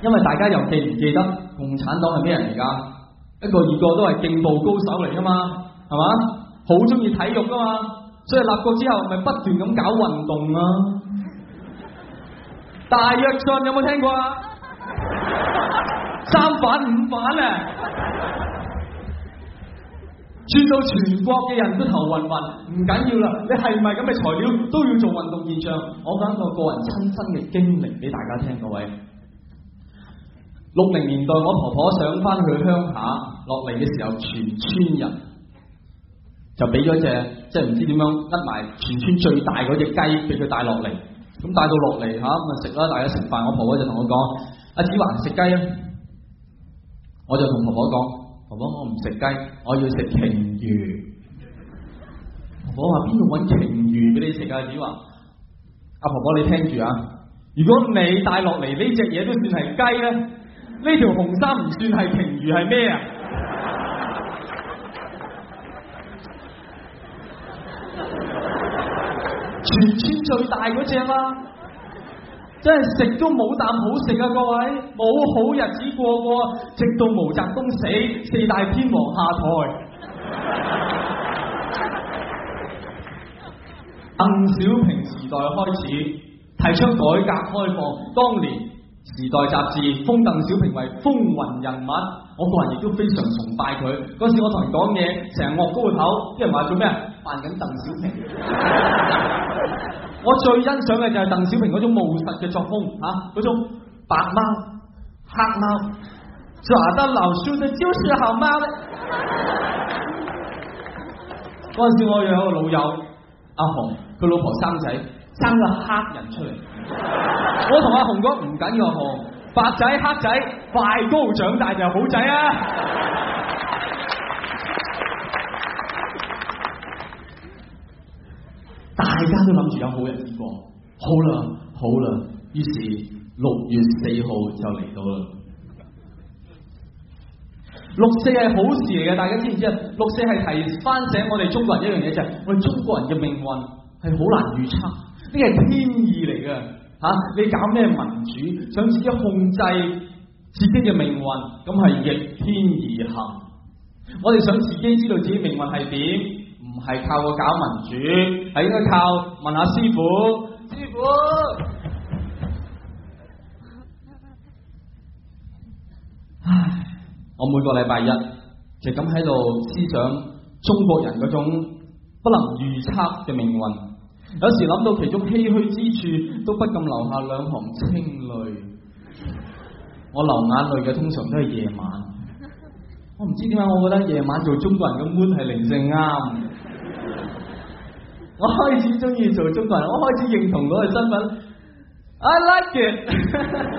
因為大家又記唔記得共產黨係咩人嚟噶？一個二個都係勁步高手嚟噶嘛，係嘛？好中意體育噶嘛？所以立國之後咪不斷咁搞運動啊？ <laughs> 大躍進有冇聽過啊？ <laughs> 三反五反啊！轉到全國嘅人都頭暈暈，唔緊要啦。你係咪咁嘅材料都要做運動現象。我講個個人親身嘅經歷俾大家聽，各位。六零年代，我婆婆上翻去鄉下落嚟嘅時候，全村人就俾咗隻即係唔知點樣甩埋全村最大嗰隻雞俾佢帶落嚟。咁帶到落嚟吓咁啊食啦，大家食飯。我婆婆就同我講：阿子華食雞啊！我就同婆婆講，婆婆我唔食雞，我要食鯨魚。婆婆話，邊度搵鯨魚俾你食噶？只話，阿婆婆你聽住啊！如果你帶落嚟呢隻嘢都算係雞咧，呢條紅衫唔算係鯨魚係咩啊？ <laughs> 全村最大嗰隻啦！真係食都冇啖好食啊！各位冇好日子過過，直到毛澤東死，四大天王下台。 <laughs> 鄧小平時代開始提出改革開放，當年《時代雜誌》封鄧小平為風雲人物，我個人亦都非常崇拜佢。嗰時我同人講嘢，成日惡高頭，啲人話做咩？扮緊鄧小平。 <laughs> 我最欣賞嘅就係鄧小平嗰種務實嘅作風，吓、啊，嗰種白貓黑貓抓得老鼠就係好貓咧。嗰陣時我有個老友阿紅，佢老婆生仔，生個黑人出嚟。我同阿紅講唔緊要，阿紅白仔黑仔快高長大就好仔啊！大家都諗住有好日子過，好啦，好啦，於是六月四號就嚟到啦。六四係好事嚟嘅，大家知唔知啊？六四係提翻醒我哋中國人一樣嘢就係，我哋中國人嘅命運係好難預測，呢係天意嚟嘅吓。你搞咩民主，想自己控制自己嘅命運，咁係逆天而行。我哋想自己知道自己命運係點？係靠我搞民主，係應該靠問下師傅。師傅，唉 <laughs> <laughs> 我每個禮拜一就咁喺度思想中國人嗰種不能預測嘅命運，有時諗到其中唏噓之處，都不禁流下兩行清淚。我流眼淚嘅通常都係夜晚，我唔知點解，我覺得夜晚做中國人嘅悶係靈性啱。我開始中意做中國人，我開始認同嗰個身份，I like it <laughs> 。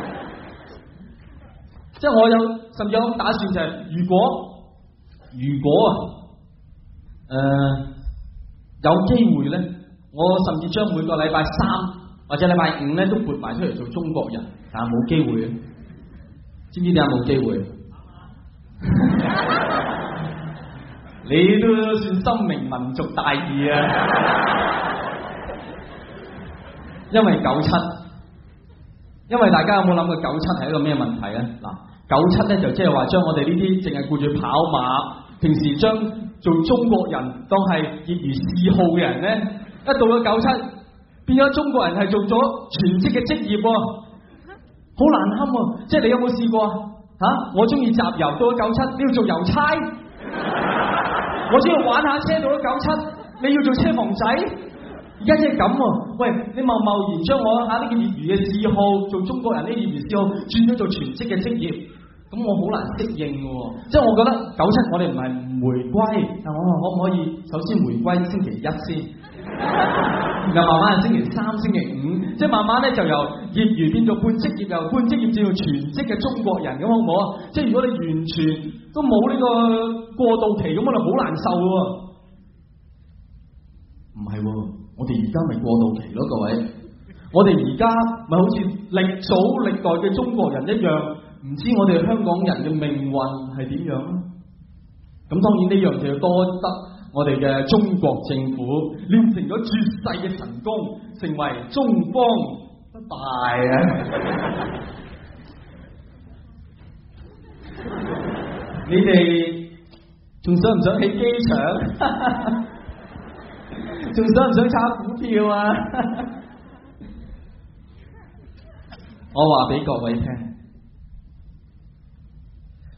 即係我有甚至有打算就係、是，如果如果誒、呃、有機會咧，我甚至將每個禮拜三或者禮拜五咧都撥埋出嚟做中國人，但係冇機會，知唔知你有冇機會？ <laughs> 你都算深明民族大義啊！因為九七，因為大家有冇諗過九七係一個咩問題咧？嗱，九七咧就即係話將我哋呢啲淨係顧住跑馬，平時將做中國人當係業餘嗜好嘅人咧，一到咗九七，變咗中國人係做咗全職嘅職業，好難堪啊、就是有有。啊，即係你有冇試過啊？吓，我中意集郵，到咗九七都要做郵差。我中意玩下車，到咗九七，你要做車房仔，而家即係咁喎。喂，你貿貿然將我啱呢個業餘嘅嗜好，做中國人啲業餘嗜好轉咗做全職嘅職業，咁我好難適應嘅喎。即係我覺得九七，我哋唔係唔回歸，但我話可唔可以首先回歸星期一先。又慢慢星期三、星期五，即係慢慢咧，就由業餘變到半職業，由半職業變到全職嘅中國人咁，好唔好啊？即係如果你完全都冇呢個過渡期咁，我就好難受嘅。唔係，我哋而家咪過渡期咯，各位。我哋而家咪好似歷早歷代嘅中國人一樣，唔知我哋香港人嘅命運係點樣。咁當然呢樣就要多得。我哋嘅中國政府練成咗絕世嘅神功，成為中方不敗嘅。你哋仲想唔想起機場？仲想唔想炒股票啊？我話俾各位聽，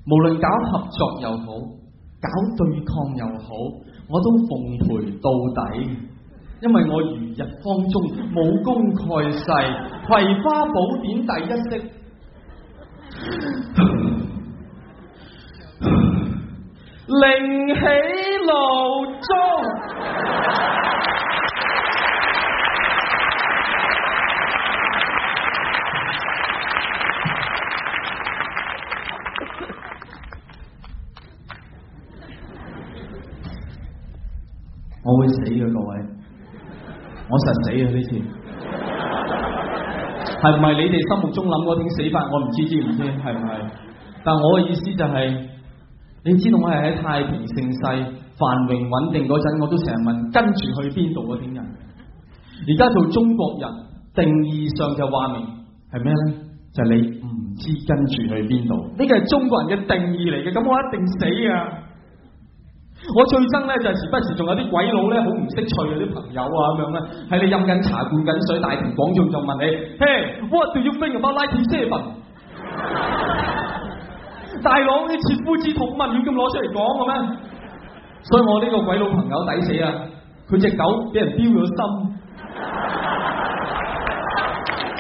無論搞合作又好，搞對抗又好，我都奉陪到底，因為我如日方中，武功蓋世，《葵花寶典》第一式，凌 <laughs> 起爐中。我會死嘅各位，我實死嘅呢次，係唔係你哋心目中諗嗰啲死法？我唔知知唔知係唔係，但我嘅意思就係、是，你知道我係喺太平盛世、繁榮穩定嗰陣，我都成日問跟住去邊度嗰啲人。而家做中國人，定義上就話明係咩咧？就是、你唔知跟住去邊度，呢個係中國人嘅定義嚟嘅。咁我一定死啊！我最憎咧就係時不時仲有啲鬼佬咧，好唔識趣嘅啲朋友啊，咁樣咧喺你飲緊茶灌緊水大庭廣眾就問你，嘿、hey,what do you think about 1997?，大佬你切膚之痛問亂咁攞出嚟講嘅咩？所以我呢個鬼佬朋友抵死啊，佢隻狗俾人丟咗心，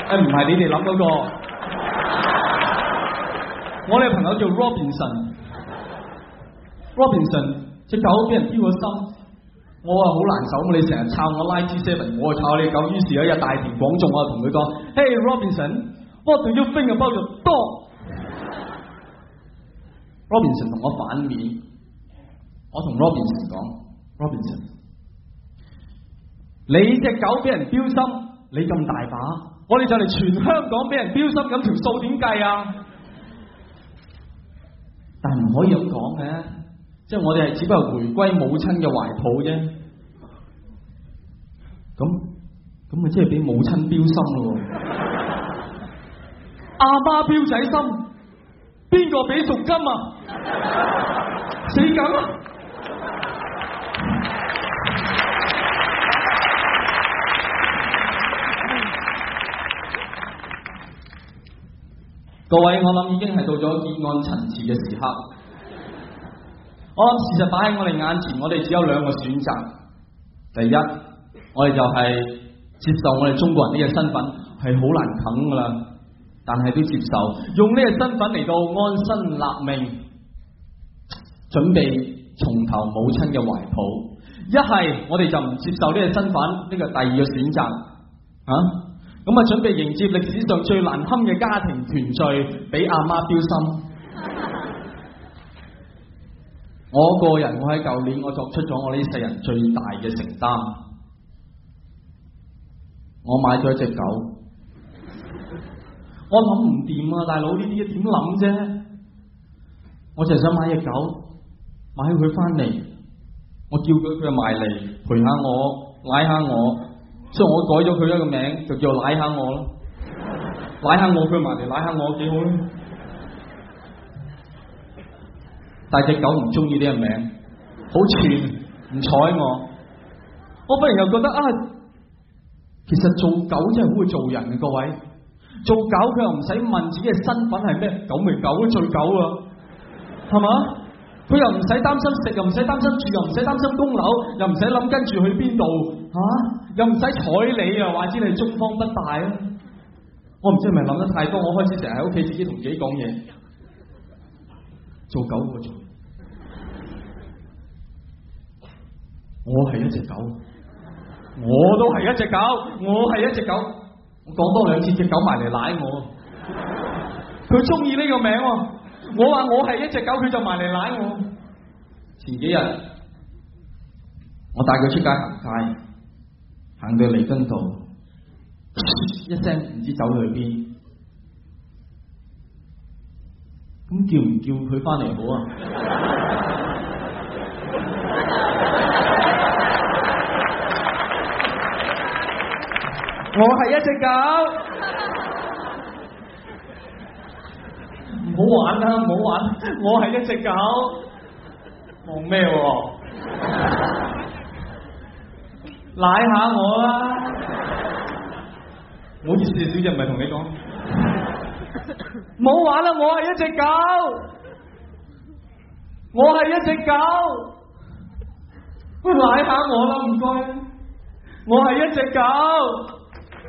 誒唔係你哋諗嗰個，我哋朋友叫 Robinson，Robinson。隻狗俾人丟咗心，我啊好難受，你成日撐我拉 G Seven 我啊撐你隻狗。於是有一日大庭廣衆，我同佢講：Hey Robinson what do you think about your dog。Robinson 同我反面，我同 Robinson 講：Robinson，你隻狗俾人丟心，你咁大把，我哋就嚟全香港俾人丟心，咁條數點計啊？但唔可以咁講嘅。即係我哋係只不過係回歸母親嘅懷抱啫，咁咁咪即係俾母親標心咯， <laughs> 阿媽標仔心，邊個俾贖金啊？ <laughs> <laughs> 死梗啊！ <laughs> <laughs> 各位，我諗已經係到咗結案陳詞嘅時刻。好，事實擺喺我哋眼前，我哋只有兩個選擇。第一，我哋就係接受我哋中國人呢個身份，係好難啃噶啦。但係都接受，用呢個身份嚟到安身立命，準備重投母親嘅懷抱。一係我哋就唔接受呢個身份，呢、呢個第二個選擇。嚇、啊，咁啊準備迎接歷史上最難堪嘅家庭團聚，俾阿媽標心。我個人，我喺舊年我作出咗我呢世人最大嘅承擔，我買咗一隻狗，我諗唔掂啊，大佬呢啲嘢點諗啫？我就係想買隻狗，買佢翻嚟，我叫佢佢埋嚟陪下我舐下我，舐下我，所以我改咗佢一個名，就叫舐下我咯，舐下我佢埋嚟，舐下我幾好呢？但隻狗唔中意呢個名，好串唔睬我。我忽然又覺得啊，其實做狗真係好會做人，啊、各位，做狗佢又唔使問自己嘅身份係咩，狗咪狗做狗啊，係嘛？佢又唔使擔心食，又唔使擔心住，又唔使擔心供樓，又唔使諗跟住去邊度啊？又唔使睬你啊，或者你中方不戴咧？我唔知係咪諗得太多，我開始成日喺屋企自己同自己講嘢，做狗嘅做。我係一隻狗，我都係一隻狗，我係一隻狗，我講多兩次，隻狗埋嚟舐我，佢中意呢個名，我話我係一隻狗，佢就埋嚟舐我。前幾日我帶佢出街行街，行到彌敦道，一聲唔知走去邊，咁叫唔叫佢翻嚟好啊？ <laughs> 我係一隻狗，唔好玩啦，唔好玩。我係一隻狗、啊，冇咩？舐下我啦，唔好意思，小姐唔係同你講，唔好玩啦。我係一隻狗，我係一隻狗，舐下我啦，唔該。我係一隻狗。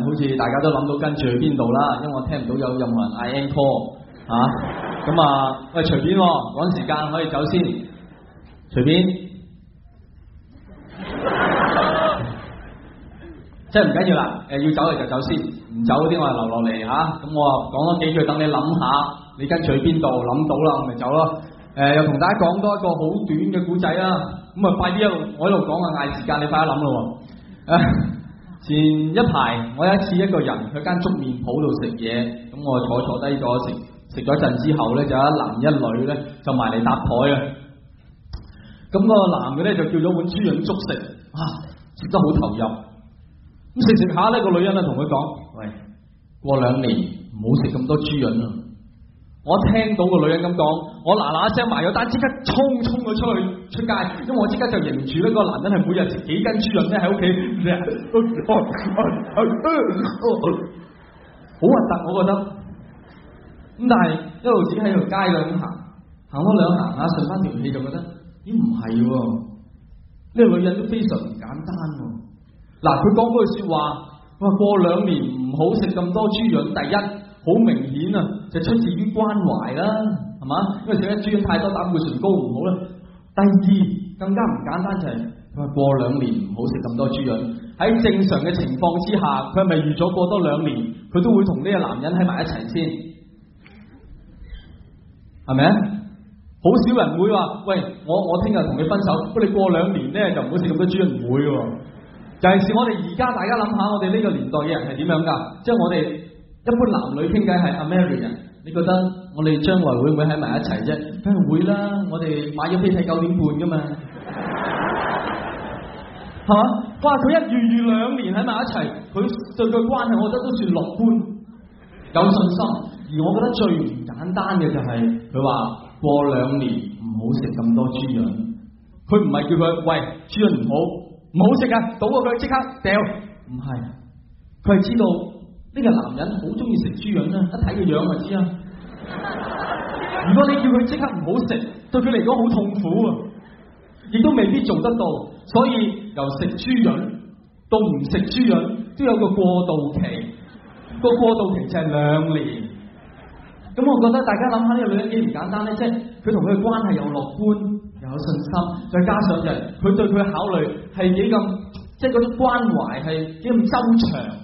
好似大家都諗到跟住去邊度啦，因為我聽唔到有任何人嗌 encore 吓，咁啊喂隨便、哦，趕、那個、時間可以先走先，隨便， <laughs> 即係唔緊要啦。誒、呃、要走嘅就走先，唔走嗰啲我就留落嚟吓。咁、啊、我講多幾句，等你諗下，你跟住去邊度諗到啦，咪走咯。誒、呃、又同大家講多一個好短嘅古仔啦。咁啊快啲一路我喺度講啊，嗌時間你快啲諗咯喎。啊前一排，我有一次一個人去間粥麵鋪度食嘢，咁我坐坐低咗食食咗一陣之後咧，就有一男一女咧就埋嚟搭台啊。咁、那個男嘅咧就叫咗碗豬潤粥食，啊，食得好投入。咁食食下呢個女人咧同佢講，喂，過兩年唔好食咁多豬潤啦。我聽到個女人咁講。我嗱嗱聲埋咗單，即刻衝衝咗出去出街，因為我即刻就迎住呢個男人係每日食幾斤豬潤咧喺屋企。好核突，我覺得。咁但係一路自己喺條街度咁行，行多兩行啊，順翻條氣就覺得咦唔係？呢、這個女人都非常唔簡單。嗱，佢講嗰句說話，我話過兩年唔好食咁多豬潤，第一好明顯啊，就出自於關懷啦、啊。係嘛？因為食咗豬潤太多膽，膽固醇高唔好咧。第二更加唔簡單就係、是，佢話過兩年唔好食咁多豬潤。喺正常嘅情況之下，佢係咪預咗過多兩年，佢都會同呢個男人喺埋一齊先？係咪啊？好少人會話，喂，我我聽日同你分手，不過你過兩年咧就唔好食咁多豬潤，唔會嘅。就係、是、似我哋而家大家諗下，我哋呢個年代嘅人係點樣噶？即、就、係、是、我哋一般男女傾偈係 American，你覺得？我哋將來會唔會喺埋一齊啫？梗係會啦！我哋買咗飛睇九點半噶嘛，係嘛、 <laughs> 啊？哇！佢一月月兩年喺埋一齊，佢對佢關係，我覺得都算樂觀，有信心。而我覺得最唔簡單嘅就係佢話過兩年唔好食咁多豬潤。佢唔係叫佢喂豬潤唔好唔好食啊！倒過佢即刻掉，唔係佢係知道呢、這個男人好中意食豬潤啦，一睇佢樣就知啊。如果你叫佢即刻唔好食，對佢嚟講好痛苦，啊，亦都未必做得到。所以由食豬膶到唔食豬膶，都有個過渡期。個過渡期就係兩年。咁我覺得大家諗下呢個女人幾唔簡單咧，即係佢同佢嘅關係又樂觀又有信心，再加上就佢對佢考慮係幾咁，即係嗰啲關懷係幾咁周長。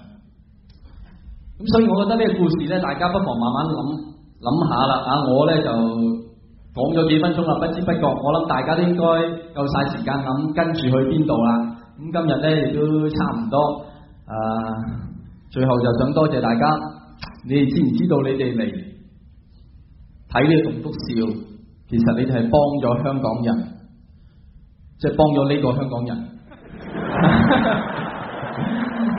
咁所以我覺得呢個故事咧，大家不妨慢慢諗。諗下啦，啊，我咧就講咗幾分鐘啦，不知不覺，我諗大家都應該夠晒時間，咁跟住去邊度啦。咁今日咧亦都差唔多，啊，最後就想多謝大家。你哋知唔知道？你哋嚟睇呢個棟篤笑，其實你哋係幫咗香港人，即係幫咗呢個香港人。 <laughs>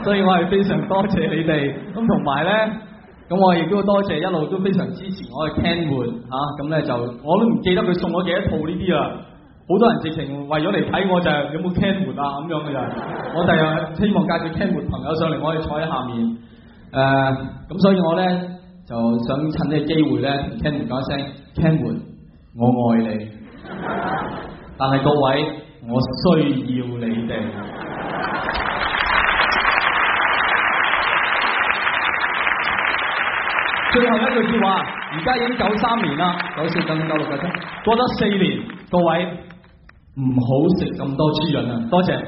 <laughs> 所以我係非常多謝你哋。咁同埋咧。咁我亦都多謝一路都非常支持我嘅 Kenwood 嚇，咁咧就我都唔記得佢送我幾多套呢啲啦，好多人直情為咗嚟睇我就有冇 Kenwood 啊咁樣嘅就，我第日希望介紹 Kenwood 朋友上嚟，我可以坐喺下面誒，咁、啊、所以我咧就想趁呢個機會咧同 Kenwood 講聲 Kenwood，我愛你，但係各位我需要你哋。最後一句說話，而家已經九三年啦，九四、九五、九六、九七，過咗四年，各位唔好食咁多滋潤啊！多謝。